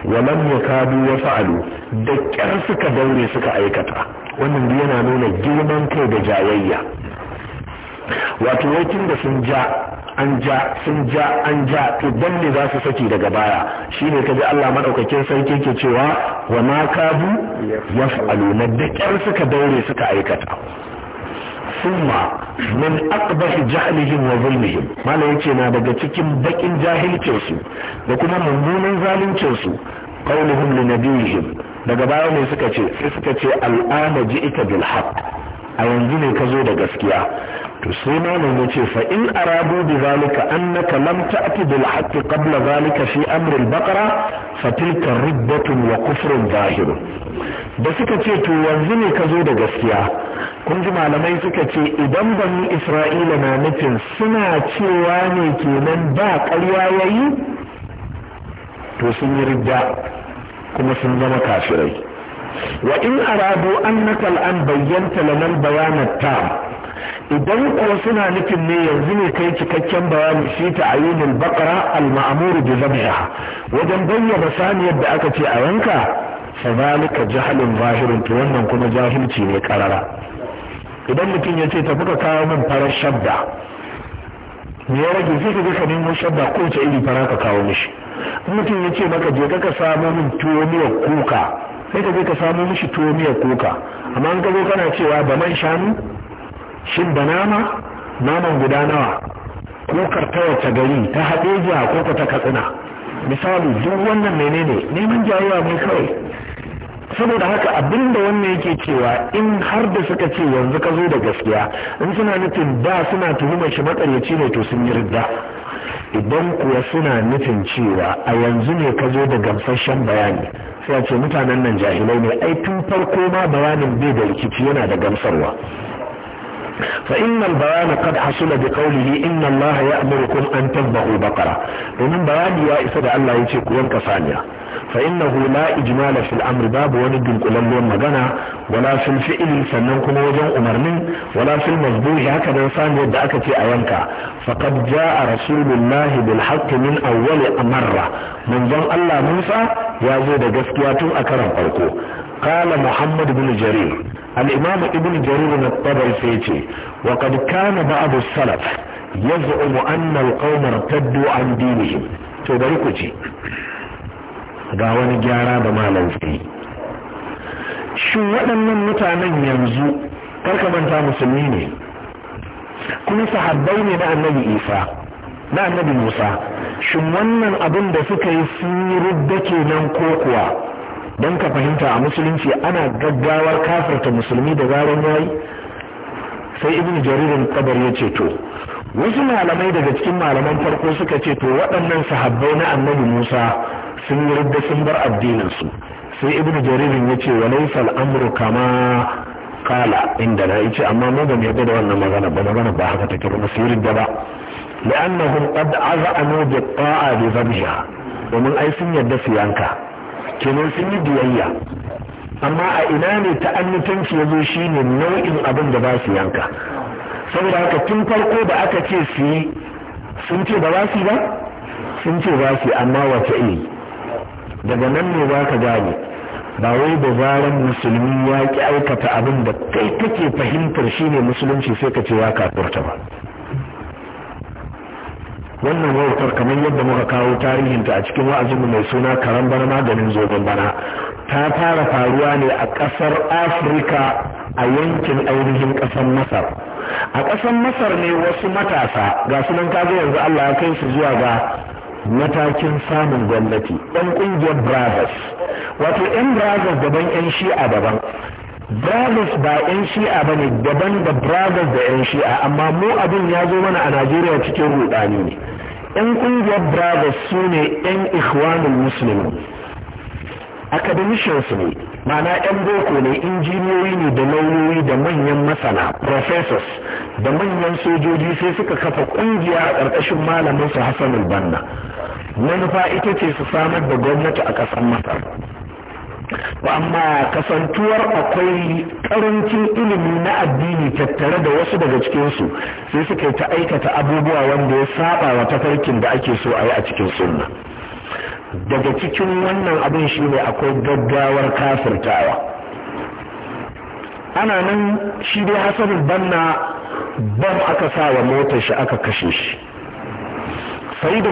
walam yakadu wa fa'alu da kyar suka daure suka aikata wannan duk yana nuna girman kai da jayayya wato wakin da sun ja an ja sun ja an ja to dan ne za su saki daga baya shine kaji Allah madaukakin sarki ke cewa wa ma kadu yaf'aluna da kyar suka daure suka aikata summa min aqbahi jahlihim wa zulmihim mala yace na daga cikin bakin jahilcin su da kuma mummunan zaluncin su qauluhum li nabiyihim daga baya ne suka ce sai suka ce al'ana a yanzu ne ka zo da gaskiya to sai malam yace fa in arabu bi zalika annaka lam ta'ti bil haqq qabla zalika fi amr al baqara fa tilka riddatun wa kufrin zahir da suka ce to yanzu ne ka zo da gaskiya kun ji malamai suka ce idan bani isra'ila na nufin suna cewa ne kenan ba ƙarya yayi to sun yi ridda kuma sun zama kafirai wa in aradu annaka an bayyanta lana bayanat ta idan ko suna nufin ne yanzu ne kai cikakken bayani shi ta ayyunul baqara al-ma'mur bi zabiha wajen bayyana saniyar da aka ce a yanka fa zalika jahlun zahirin to wannan kuma jahilci ne karara idan mutum ya ce tafi ka kawo min farar shabda me ya rage sai ka je ka nemo shabda ko ta iri fara ka kawo mishi in mutum ya ce maka je ka samo min tuwo miyar kuka sai ka je ka samo mishi tuwo miyar kuka amma in ka kana cewa da man shanu shin da nama naman guda nawa kukar ta wace gari ta haɗe ko ta katsina misali duk wannan menene neman jayewa mai kawai saboda haka abinda wannan yake cewa in har da suka ce yanzu ka zo da gaskiya in suna nufin da suna tuhumar shi makaryaci ne to sun yi ridda idan kuwa suna nufin cewa a yanzu ne ka zo da gamsashen bayani sai ce mutanen nan jahilai ne ai tun farko ma bayanin bai da rikici yana da gamsarwa فإن البيان قد حصل بقوله إن الله يأمركم أن تذبحوا بقرة ومن بيان يا إسد الله يتيك وانك ثانية فإنه لا إجمال في الأمر باب وندن قلل ومغنى ولا في الفئل سننكم وجن أمرني ولا في المذبوح هكذا ثانية دعكة أيامك فقد جاء رسول الله بالحق من أول مرة من ظن الله موسى يا زيد قسكياتم أكرم أركو قال محمد بن جرير al-imam ibn jarir at-tabari sai ce wa qad kana salaf yaz'um anna al-qawm irtaddu an dinihim to bari ku ji ga wani gyara da malam sai shin waɗannan mutanen yanzu karka manta musulmi ne kuma sahabbai ne na annabi isa na musa shin wannan abin da suka yi sun yi rudda kenan ko kuwa don ka fahimta a musulunci ana gaggawar kafirta musulmi da zaran yayi sai ibn jaririn kabar ya ce to wasu malamai daga cikin malaman farko suka ce to waɗannan sahabbai na annabi musa sun yi rudda sun bar addininsu sai ibn jaririn ya ce walai al'amru kama kala inda na ce amma mu ba mu yarda da wannan magana ba magana ba haka take ba su yarda ba li'annahum qad az'anu bi ta'a bi dhabha domin ai sun yarda su yanka kenan sun yi biyayya amma a ina ne ta'annutanci ya zo shi ne nau'in abin da ba su yanka saboda haka tun farko da aka ce su yi sun ce ba su ba sun ce ba su amma wata iri daga nan ne za ka gane ba wai da zaran musulmi ya ki aikata abin da kai kake fahimtar shi ne musulunci sai ka ce ya kafurta ba wannan wautar kamar yadda muka kawo tarihinta a cikin wa'azinmu mai suna karan bana maganin zoben bana ta fara faruwa ne a ƙasar afirka a yankin ainihin ƙasar masar a ƙasar masar ne wasu matasa ga sunan kaga yanzu allah ya kai su zuwa ga matakin samun gwamnati ɗan ƙungiyar brazos wato 'yan brazos daban 'yan shi'a daban brothers ba 'yan shi'a ba ne daban da brothers da 'yan shi'a amma mu abin ya zo mana a najeriya cikin rudani ne 'yan kungiyar brothers su ne 'yan ikhwanul musulmi akadamishansu ne ma'ana 'yan boko ne injiniyoyi ne da lauyoyi da manyan masana professors da manyan sojoji sai suka kafa kungiya a ƙarƙashin malamin su hassan banna manufa ita ce su samar da gwamnati a ƙasar masar amma kasantuwar akwai karancin ilimi na addini tattare da wasu daga cikinsu sai suka yi ta aikata abubuwa wanda ya saba wa tafarkin da ake so a yi a cikin sunna daga cikin wannan abin shi ne akwai gaggawar kafirtawa ana nan shi dai hasan banna bam aka sa wa motar shi aka kashe shi sai da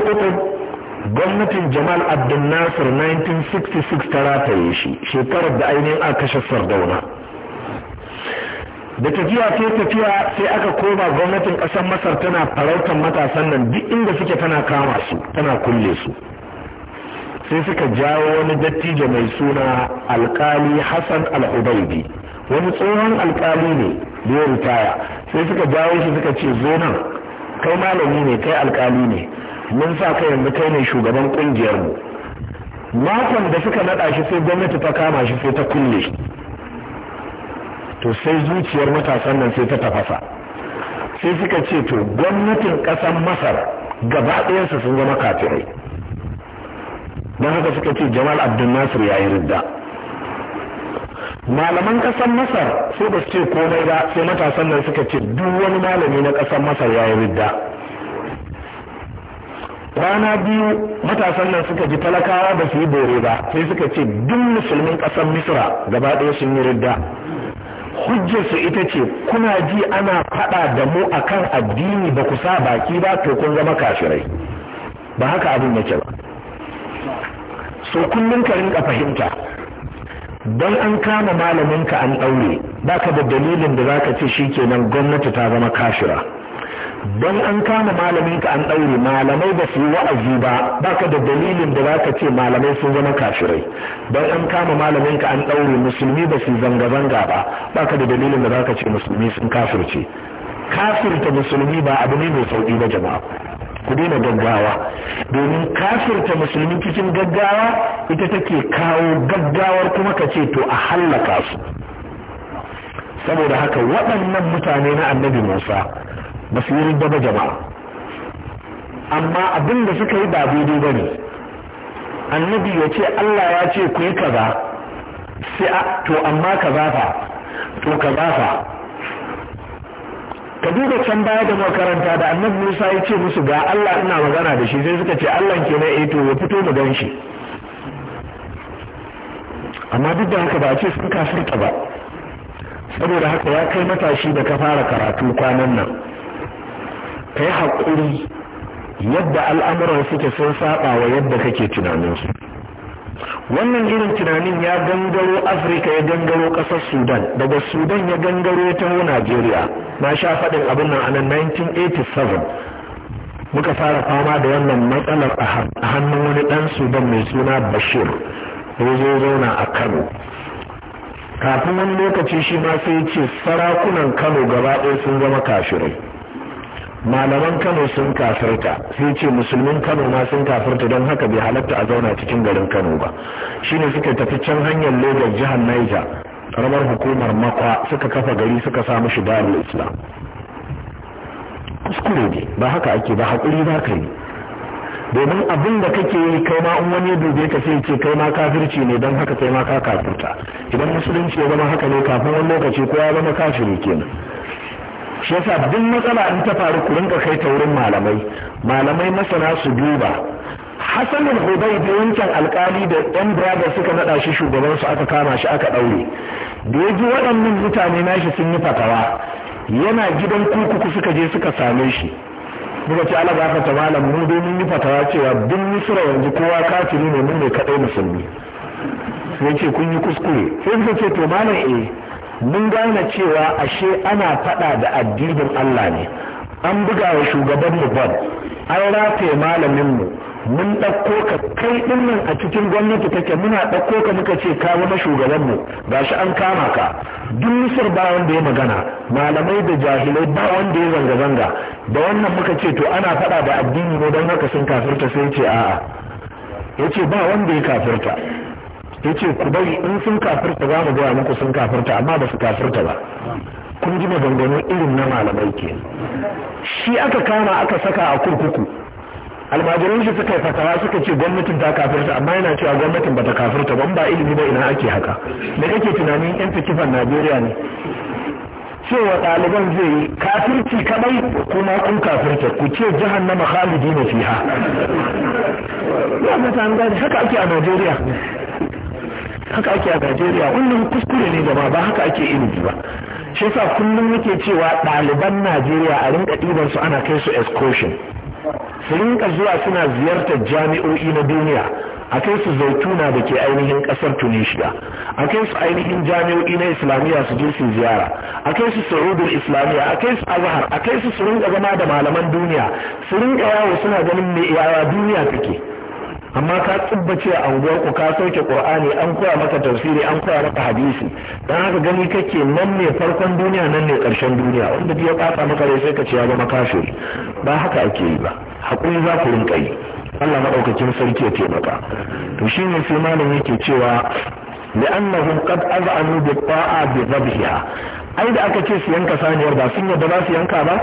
gwamnatin jamal abdul nasir 1966 ta rataye shi shekarar da ainihin a kashe sardauna da tafiya sai tafiya sai aka koma gwamnatin ƙasar masar tana farautar matasan nan duk inda suke tana kama su tana kulle su sai suka jawo wani dattijo mai suna alkali hassan al wani tsohon alkali ne da ya ritaya sai suka jawo shi suka ce zo nan kai malami ne kai alkali ne mun sa kai yanzu kai ne shugaban kungiyar mu makon da suka nada shi sai gwamnati ta kama shi sai ta kulle shi to sai zuciyar matasan nan sai ta tafasa sai suka ce to gwamnatin kasan masar gaba ɗayansu sun zama kafirai don haka suka ce jamal abdul nasir ya yi ridda malaman ƙasar masar sai ba su ce komai ba sai matasan nan suka ce duk wani malami na ƙasar masar ya yi ridda rana biyu matasan nan suka ji talakawa ba su yi bore ba sai suka ce duk musulmin ƙasar misra gaba ɗaya sun yi ridda hujjarsu ita ce kuna ji ana faɗa da mu akan addini ba ku sa baki ba to kun zama kashirai ba haka abin yake ba so kullum ka rinka fahimta don an kama malaminka an ɗaure ka da dalilin da za ka ce shi kenan gwamnati ta zama kashira don an kama malaminka an ɗaure malamai ba su yi wa'azi ba baka da dalilin da zaka ce malamai sun zama kafirai don an kama malaminka an ɗaure musulmi ba su zanga-zanga ba baka da dalilin da zaka ce musulmi sun kafirce kafirta musulmi ba abu ne mai sauƙi ba jama'a ku daina gaggawa domin kafirta musulmi cikin gaggawa ita take kawo gaggawar kuma ka ce to a hallaka su saboda haka waɗannan mutane na annabi musa ba su yi ba jama'a amma abin suka yi ba daidai ba ne annabi ya ce Allah ya ce ku yi kaza sai a to amma kaza fa to kaza fa ka duba can baya da makaranta da annabi Musa ya ce musu ga Allah ina magana da shi sai suka ce Allah ke eh to ya fito mu gan shi amma duk da haka ba a ce sun kafirta ba saboda haka ya kai matashi da ka fara karatu kwanan nan ka yi haƙuri yadda al'amuran suke sun saba wa yadda kake tunaninsu wannan irin tunanin ya gangaro afirka ya gangaro ƙasar sudan daga sudan ya gangaro ya taho najeriya na sha faɗin abin nan a 1987 muka fara fama da wannan matsalar a hannun wani ɗan sudan mai suna bashir ya zo zauna a kano kafin wani lokaci shi ma sai ce sarakunan kano gaba ɗaya sun zama kafirai malaman kano sun kafirta sai ce musulmin kano ma sun kafirta don haka bai halatta a zauna cikin garin kano ba shine suka tafi can hanyar lagos jihar niger karamar hukumar makwa suka kafa gari suka sa mashi darul islam kuskure ne ba haka ake ba haƙuri ba ka yi domin abin da kake yi kai ma in wani dube ka sai ce kai ma kafirci ne don haka kai ma ka kafirta idan musulunci ya zama haka ne kafin wani lokaci ko ya zama kafiri kenan shi yasa duk matsala in ta faru ku rinka kai ta wurin malamai malamai masana su duba hasanin hudai da yankin alkali da yan brother suka naɗa shi shugaban su aka kama shi aka ɗaure da ya ji waɗannan mutane nashi sun yi fatawa yana gidan kurkuku suka je suka same shi muka ce ala ba ta malam mu dai mun yi fatawa cewa duk misira yanzu kowa kafiri ne mun ne kaɗai musulmi sai ce kun yi kuskure sai suka ce to malam eh mun gane cewa ashe ana faɗa da addinin Allah ne an buga wa shugaban mu ban an rataye malamin mu mun ɗauko ka kai ɗinnan a cikin gwamnati take muna ɗauko ka muka ce ka na shugaban mu gashi an kama ka duk misir ba wanda ya magana malamai da jahilai ba wanda ya zanga zanga da wannan muka ce to ana faɗa da addini ne don haka sun kafirta sai ce a'a yace ba wanda ya kafirta ya ce ku bari in sun kafirta za mu gaya muku sun kafirta amma ba su kafirta ba kun ji maganganu irin na malamai ke shi aka kama aka saka a kurkuku almajirin shi suka yi fatawa suka ce gwamnatin ta kafirta amma yana cewa gwamnatin bata kafirta ban ba ilimi ba ina ake haka da kake tunanin yan fikifan najeriya ne cewa ɗaliban zai yi kafirci kadai kuma kun kafirta ku ce jahannama khalidi na fiha ya mutane haka ake a najeriya haka ake a Najeriya wannan kuskure ne gaba ba haka ake ilimi ba shi yasa kullum muke cewa ɗaliban Najeriya a rinka ɗiban su ana kai su excursion su rinka zuwa suna ziyartar jami'o'i na duniya a kai su zaituna da ke ainihin kasar tunisia a kai su ainihin jami'o'i na islamiyya su je su ziyara a kai su sa'udul islamiyya a kai su azhar a kai su su rinka zama da malaman duniya su rinka yawo suna ganin me yaya duniya take amma ka tsubbace a unguwar ku ka sauke qur'ani an koya maka tafsiri an koya maka hadisi dan haka gani kake nan ne farkon duniya nan ne karshen duniya wanda ya kasa maka rai sai ka ce ya zama kafiri ba haka ake yi ba hakuri za ku rinka yi Allah madaukakin sarki ya taimaka to shine sai malamin yake cewa لأنهم قد أذعنوا بالطاعة بذبحها ai da aka ce su yanka saniyar ba sun yadda ba su yanka ba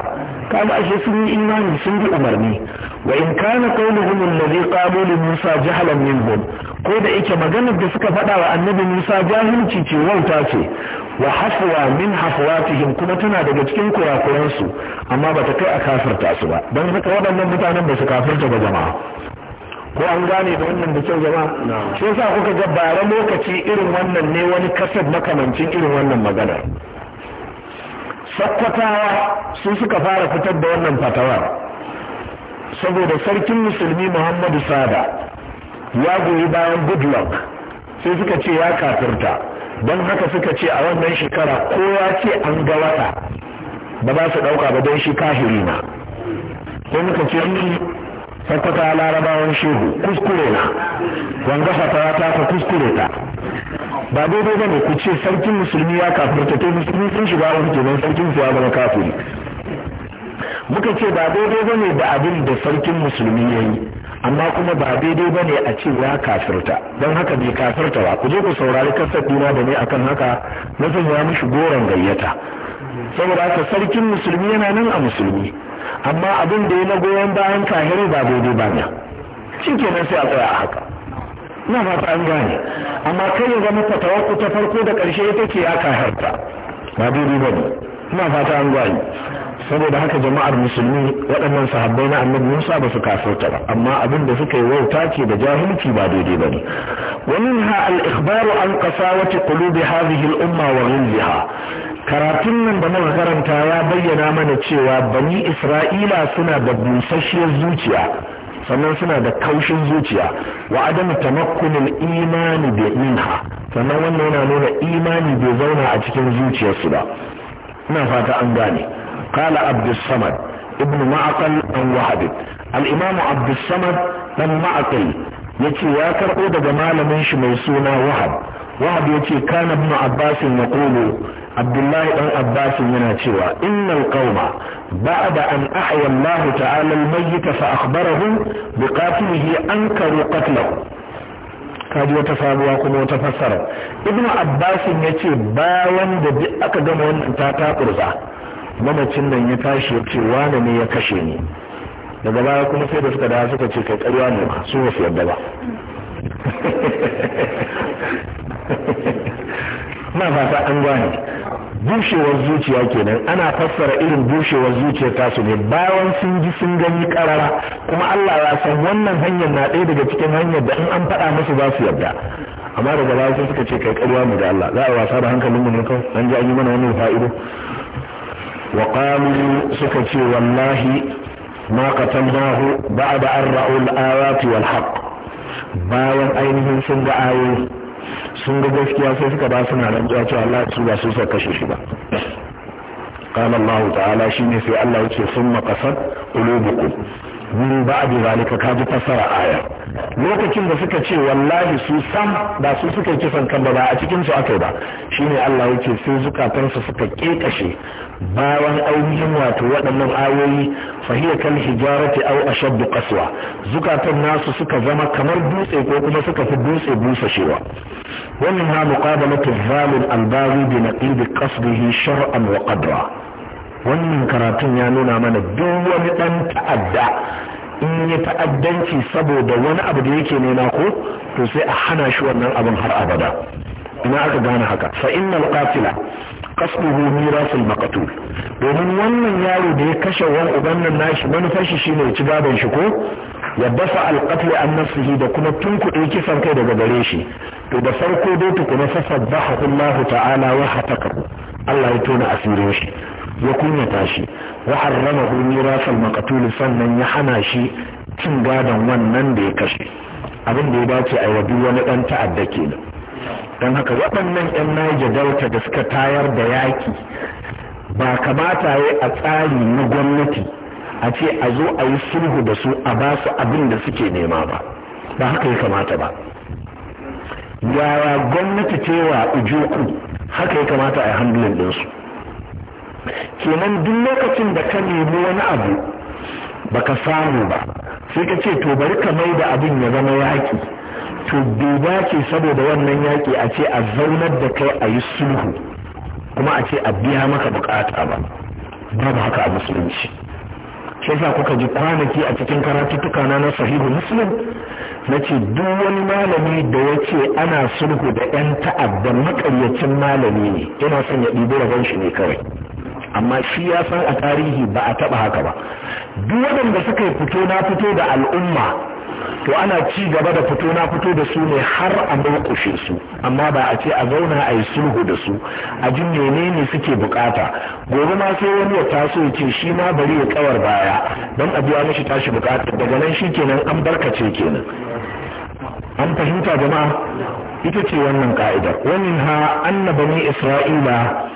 kama ashe sun yi imani sun bi umarni wa in kana qawluhum allazi qalu li Musa jahlan minhum ko da yake maganar da suka faɗa wa annabi Musa jahilci ce wauta ce wa hafwa min hafwatihim kuma tana daga cikin kurakuran su amma bata kai a kafirta su ba dan haka waɗannan mutanen ba su kafirta ba jama'a ko an gane da wannan da kyau jama'a shi yasa kuka ga bara lokaci irin wannan ne wani kasar makamancin irin wannan maganar sakkwatawa su suka fara fitar da wannan fatawar saboda sarkin musulmi muhammadu sada ya goyi bayan goodluck sai suka ce ya kafirta don haka suka ce a wannan shekara ko ya ce an ga wata ba za su ɗauka ba don shi kahiri na sai muka ce hmm, tabbata larabawan shehu kuskure na wanga fatawa ta ka kuskure ta ba daidai ba ne ku ce sarkin musulmi ya kafirta ta musulmi sun shiga wani kenan sarkin su ya zama kafiri muka ce ba daidai bane da abin da sarkin musulmi ya yi amma kuma ba daidai bane a ce ya kafirta don haka bai kafirta ba ku je ku saurari kasar dina da ne akan haka na zan ya mishi goron gayyata saboda haka sarkin musulmi yana nan a musulmi amma abin da ya na goyon bayan kahiri ba daidai ba ne shi sai a tsaya a haka na fata an gane amma kai ya zama ku ta farko da ƙarshe ita ce ya kaharta ba daidai ba ne na fata an gane saboda haka jama'ar musulmi waɗannan sahabbai na annabi Musa ba su kafirta ba amma abin da suka yi wauta ce da jahilci ba daidai ba wa minha al-ikhbaru an qasawati qulubi hadhihi al-umma wa karatun nan da muka karanta ya bayyana mana cewa bani isra'ila suna da busasshiyar zuciya sannan suna da kaushin zuciya wa adam tamakkunul imani da minha sannan wannan yana nuna imani bai zauna a cikin zuciyarsu ba ina fata an gane qala abdus ibn ma'aqal an wahab al imam abdus samad dan ma'aqal yace ya karbo daga malamin shi mai suna wahab wahab yace kana ibn abbas yaqulu abdullahi dan abbasin yana cewa innal qauma ba'da an ahya allah ta'ala al-mayyit fa akhbarahum bi qatilihi ankaru qatlahu kaji wata sabuwa kuma wata fassara ibnu abbasin yace bayan da duk aka gama wannan ta kurza mamacin nan ya tashi ya ce wane ne ya kashe ni daga baya kuma sai da suka dawo suka ce kai karya ne ba su wasu yadda ba [laughs] na fata an gane bushewar zuciya kenan ana fassara irin bushewar zuciya tasu ne bayan sun ji sun gani karara kuma Allah ya san wannan hanyar na ɗaya daga cikin hanyar da in an faɗa musu za su yarda amma daga baya sai suka ce kai ƙarya mu da Allah za a wasa da hankalinmu ne kawai an ji an yi mana wannan fa'ido wa qalu suka ce wallahi ma qatalnahu ba'da an ra'u al-ayati wal haqq bayan ainihin sun ga ayoyi sun ga gaskiya sai suka ba suna rantsuwa cewa Allah su ba su sa kashe shi ba qala Allah ta'ala shine sai Allah yake summa qasad qulubukum min ba'di zalika ka ji fassara aya lokacin da suka ce wallahi su sam ba su suka yi kisan kamba ba a cikin su akai ba shine Allah yake sai zukatan su suka kekashe bayan aunin wato waɗannan ayoyi fahiya kal hijarati aw ashad qaswa zukatan nasu suka zama kamar dutse ko kuma suka fi dutse busashewa wannan ha muqabalatu zalim al-bawi bi naqid qasdihi shar'an wa qadra wannan karatun ya nuna mana duk wani ɗan ta'adda in yi ta'addanci saboda wani abu da yake nema ko to sai a hana shi wannan abin har abada ina aka gane haka fa kafila qatila qasduhu mirasul maqtul domin wannan yaro da ya kashe wan uban nan nashi manufar shi shine ci gaban shi ko ya dafa alqatl an nafsihi da kuma tunkuɗe kisan kai daga gare shi to da farko dai tukuna fa sabbahu Allah ta'ala wa hataka Allah ya tona asirin shi ya kunyata shi wa harrama hu mirasal maqtul sannan ya hana shi cin gadon wannan da ya kashe abin da ya dace a wabi wani dan ta'adda kenan dan haka waɗannan yan Niger Delta da suka tayar da yaki ba kamata ya a tsari na gwamnati a ce a zo a yi sulhu da su a ba su abin da suke nema ba ba haka ya kamata ba yaya gwamnati cewa ujuku haka ya kamata a yi handling ɗinsu kenan duk lokacin da ka nemi wani abu baka samu ba sai ka ce to bari ka mai da abin ya zama yaƙi to bai dace saboda wannan yaƙi a ce a zaunar da kai a yi sulhu kuma a ce a biya maka bukata ba ba haka a musulunci shi yasa kuka ji kwanaki a cikin karatuttuka na na sahihu muslim na ce duk wani malami da ya ce ana sulhu da 'yan ta'adda makaryacin malami ne yana son ya ɗibi rabon shi ne kawai amma shi ya san a tarihi ba a taba haka ba duk waɗanda suka fito na fito da al'umma to ana ci gaba da fito na fito da su ne har a murƙushe su amma ba a ce a zauna a yi sulhu da su a jin menene suke bukata gobe ma sai wani ya taso ya ce shi ma bari ya kawar baya don a biya mishi tashi bukata daga nan shi kenan an barkace kenan an fahimta jama'a ita ce wannan ka'idar wani ha anna bani isra'ila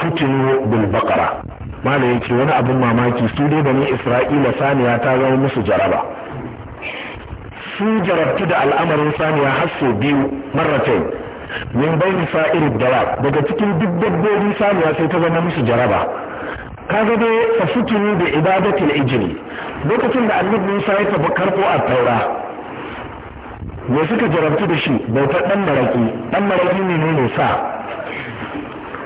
fitinu bil baqara malam yake wani abin mamaki su dai bani isra'ila saniya ta zama musu jaraba su jarabtu da al'amarin saniya har sau biyu marratain min bayin sa'ir dawa daga cikin duk dabbobi saniya sai ta zama musu jaraba kaga dai fa futinu da ibadatul ijri lokacin da annabi Musa ya tafi karko a taura me suka jarabtu da shi bautar dan maraki dan maraki ne ne sa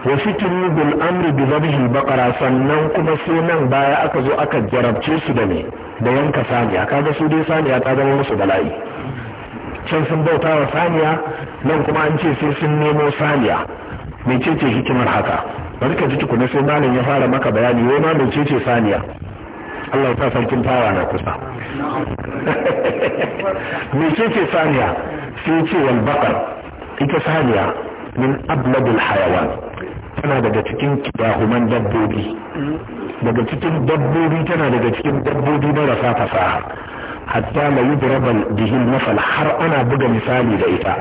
wa fitinu bil amri bi zabhi bakara sannan kuma sai nan baya aka zo aka jarabce su da ne da yanka saniya kaga su dai saniya ta zama musu bala'i can sun bauta wa saniya nan kuma an ce sai sun nemo saniya mecece hikimar haka bari ka ji tukuna sai malam ya fara maka bayani wai ma mecece saniya Allah ta sarkin tawa na kusa [laughs] mecece saniya sai ce wal ita saniya min abladul hayawan tana daga cikin kidahuman dabbobi daga cikin dabbobi tana daga cikin dabbobi marasa fasaha hatta la yudrabal bihil masal har ana buga misali da ita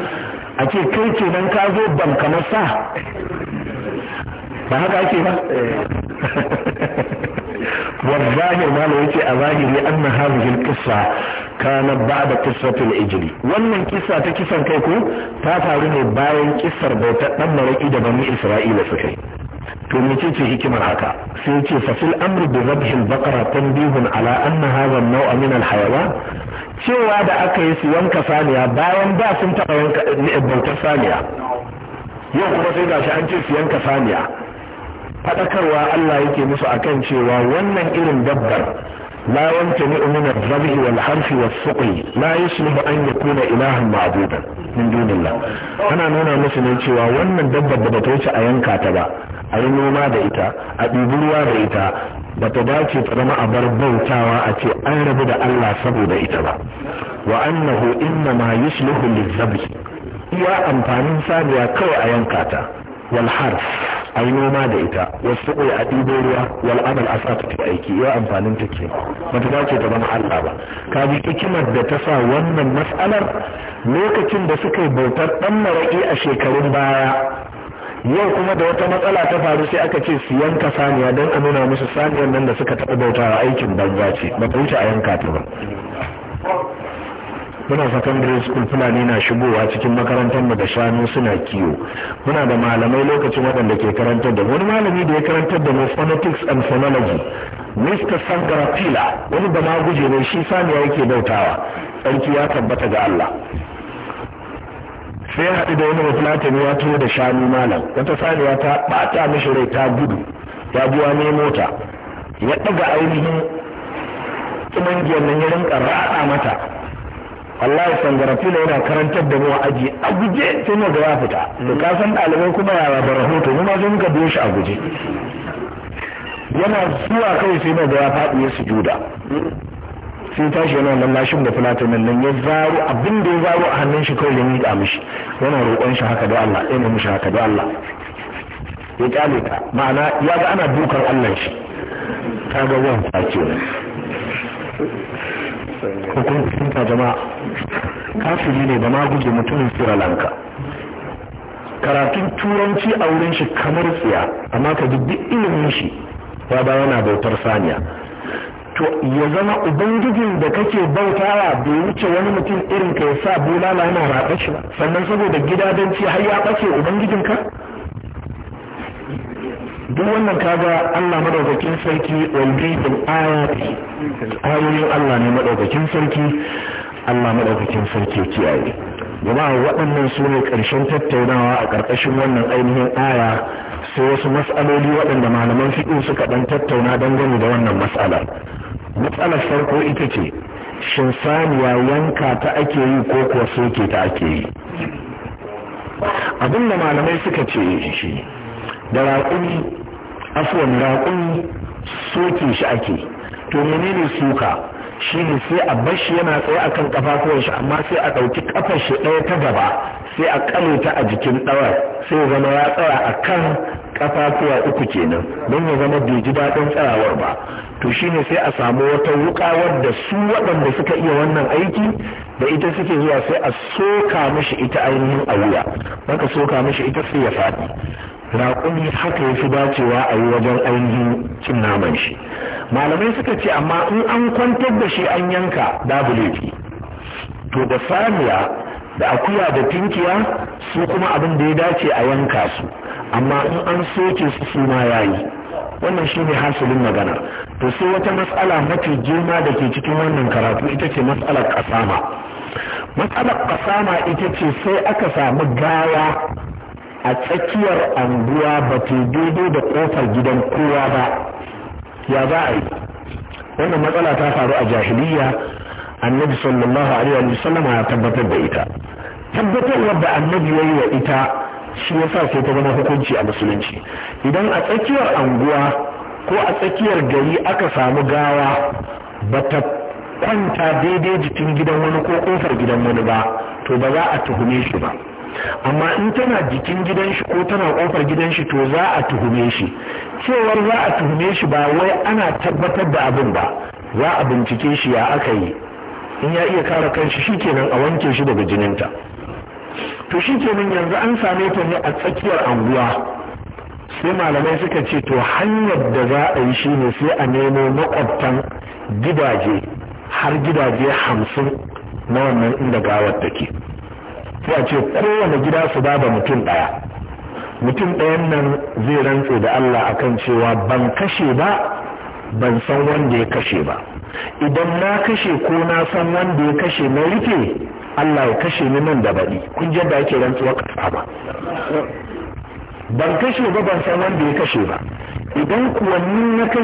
a ce kai kenan ka zo ban kamar sa ba haka ake ba والظاهر ما لو يجي أظاهر لأن هذه القصة kana ba'da qissatul ijli wannan kisa ta kisan kai ko ta faru ne bayan kisar bautar dan maraki da bani isra'ila suka yi to mece ce hikimar haka sai ce fa fil amru bi dhabhi al baqara tanbihun ala anna hadha an-naw'a min al hayawan cewa da aka yi su saniya bayan ba sun taɓa yanka eh, bautar saniya yau kuma sai gashi an ce su yanka saniya fadakarwa Allah yake musu akan cewa wannan irin dabbar لا يمتنع من الذبح والحرف والسقي لا يصلح an يكون إلها معبودا من دون الله nuna نونا مثل cewa wannan dabbar da bata wuce a yanka ta ba a yi noma da ita a ɗibi ruwa da ita bata dace ta zama a bar bautawa a ce an rabu da Allah saboda ita ba wa annahu inna ma yuslihu lizzabi iya amfanin sabuwa kawai a yanka ta wal harf a yi noma da ita wasu ƙoyi a ɗibo ruwa wal amal a ta aiki ya amfanin ta ke ba ta dace ta zama Allah ba ka bi da ta sa wannan matsalar lokacin da suka yi bautar ɗan maraƙi a shekarun baya yau kuma da wata matsala ta faru sai aka ce su yanka saniya don a nuna musu saniyar nan da suka taɓa bauta a aikin banza ce ba ta wuce a yanka ta ba muna secondary school fulani na shigowa cikin makarantar mu da shanu suna kiwo muna da malamai lokacin waɗanda ke karantar da wani malami da ya karantar da mu phonetics and phonology Mr. Pila wani da ma guje ne shi saniya yake bautawa sarki ya tabbata ga Allah sai haɗu da wani mafilatin ya tuwo da shanu malam wata saniya ta ɓata mishi rai ta gudu ya biya ne mota ya ɗaga ainihin tsumangiyar nan ya rinka raɗa mata Allah wallahi sangarafila yana karantar da mu aji a guje sai mu ga ya fita to ka san dalibai kuma ya ba rahoto mu ma sai muka biyo shi a guje yana zuwa kawai sai mu ga ya faɗi ya sujuda sai tashi yana nan shin da fulata nan ya zaro abin da ya zaro a hannun shi kawai ya miƙa mishi yana roƙon shi haka da Allah yana mishi haka da Allah ya kale ta ma'ana ya ga ana dukan Allah shi kaga wannan ke jama'a kafiri ne da ma guje mutumin sri karatun turanci a wurin shi kamar tsiya amma ka duk ilimin shi ya ba yana bautar saniya to ya zama ubangijin da kake bautawa bai wuce wani mutum irin ka ya sa bulala yana raɓe shi ba sannan saboda gidadanci har ya ɓace ubangijinka duk wannan kaga Allah madaukakin sarki wal bil ayati ayoyin Allah ne madaukakin sarki Allah madaukakin sarki kiyaye jama'a waɗannan su ne ƙarshen tattaunawa a ƙarƙashin wannan ainihin aya sai wasu matsaloli waɗanda malaman fiƙi suka ɗan tattauna dangane da wannan matsala matsalar farko ita ce shin saniya yanka ta ake yi ko kuwa soke ta ake yi abin da malamai suka ce shi da raƙumi afuwan raƙumi soke shi ake to menene suka shi ne sai a shi yana tsaye akan kafafuwan shi amma sai a ɗauki kafar shi ɗaya ta gaba sai a kale ta a jikin ɗawar sai ya zama ya tsaya akan kafafuwa uku kenan don ya zama bai ji daɗin tsarawar ba to shine sai a samu wata wuka wadda su waɗanda suka iya wannan aiki da ita suke zuwa sai a soka mishi ita ainihin a wuya maka soka mishi ita sai ya faɗi raƙumi haka ya fi dacewa a yi wajen ainihin cin naman shi malamai suka ce amma in an kwantar da shi an yanka babu laifi to da samiya da akuya da tinkiya su kuma abin da ya dace a yanka su amma in an soke su suna yayi wannan shi ne hasilin magana to sai wata matsala mafi girma da ke cikin wannan karatu ita ce matsalar kasama matsalar kasama ita ce sai aka samu gawa a tsakiyar anguwa ba ta daidai da kofar gidan kowa ba ya za a yi wannan matsala ta faru a jahiliya annabi sallallahu alaihi wa sallam ya tabbatar da ita tabbatar da annabi ya yi wa ita shi yasa sai ta zama hukunci a musulunci idan a tsakiyar anguwa ko a tsakiyar gari aka samu gawa ba ta kwanta daidai jikin gidan wani ko kofar gidan wani ba to ba za a tuhume shi ba amma in tana jikin gidan shi ko tana kofar gidan shi to za a tuhume shi cewar za a tuhume shi ba wai ana tabbatar da abin ba za a bincike shi ya aka yi in ya iya kare kanshi shi kenan a wanke shi daga jininta to shi kenan yanzu an same ta ne a tsakiyar anguwa sai malamai suka ce to hanyar da za a yi shi ne sai a nemo makwabtan gidaje har gidaje hamsin na wannan inda gawar take sai a ce kowane gida su ba da mutum ɗaya mutum ɗayan nan zai rantse da Allah akan cewa ban kashe ba ban san wanda ya kashe ba idan na kashe ko na san wanda ya kashe na rike Allah ya kashe ni nan da baɗi kun yadda ake rantsuwa kasa ba ban kashe ba ban san wanda ya kashe ba idan kuwa ni na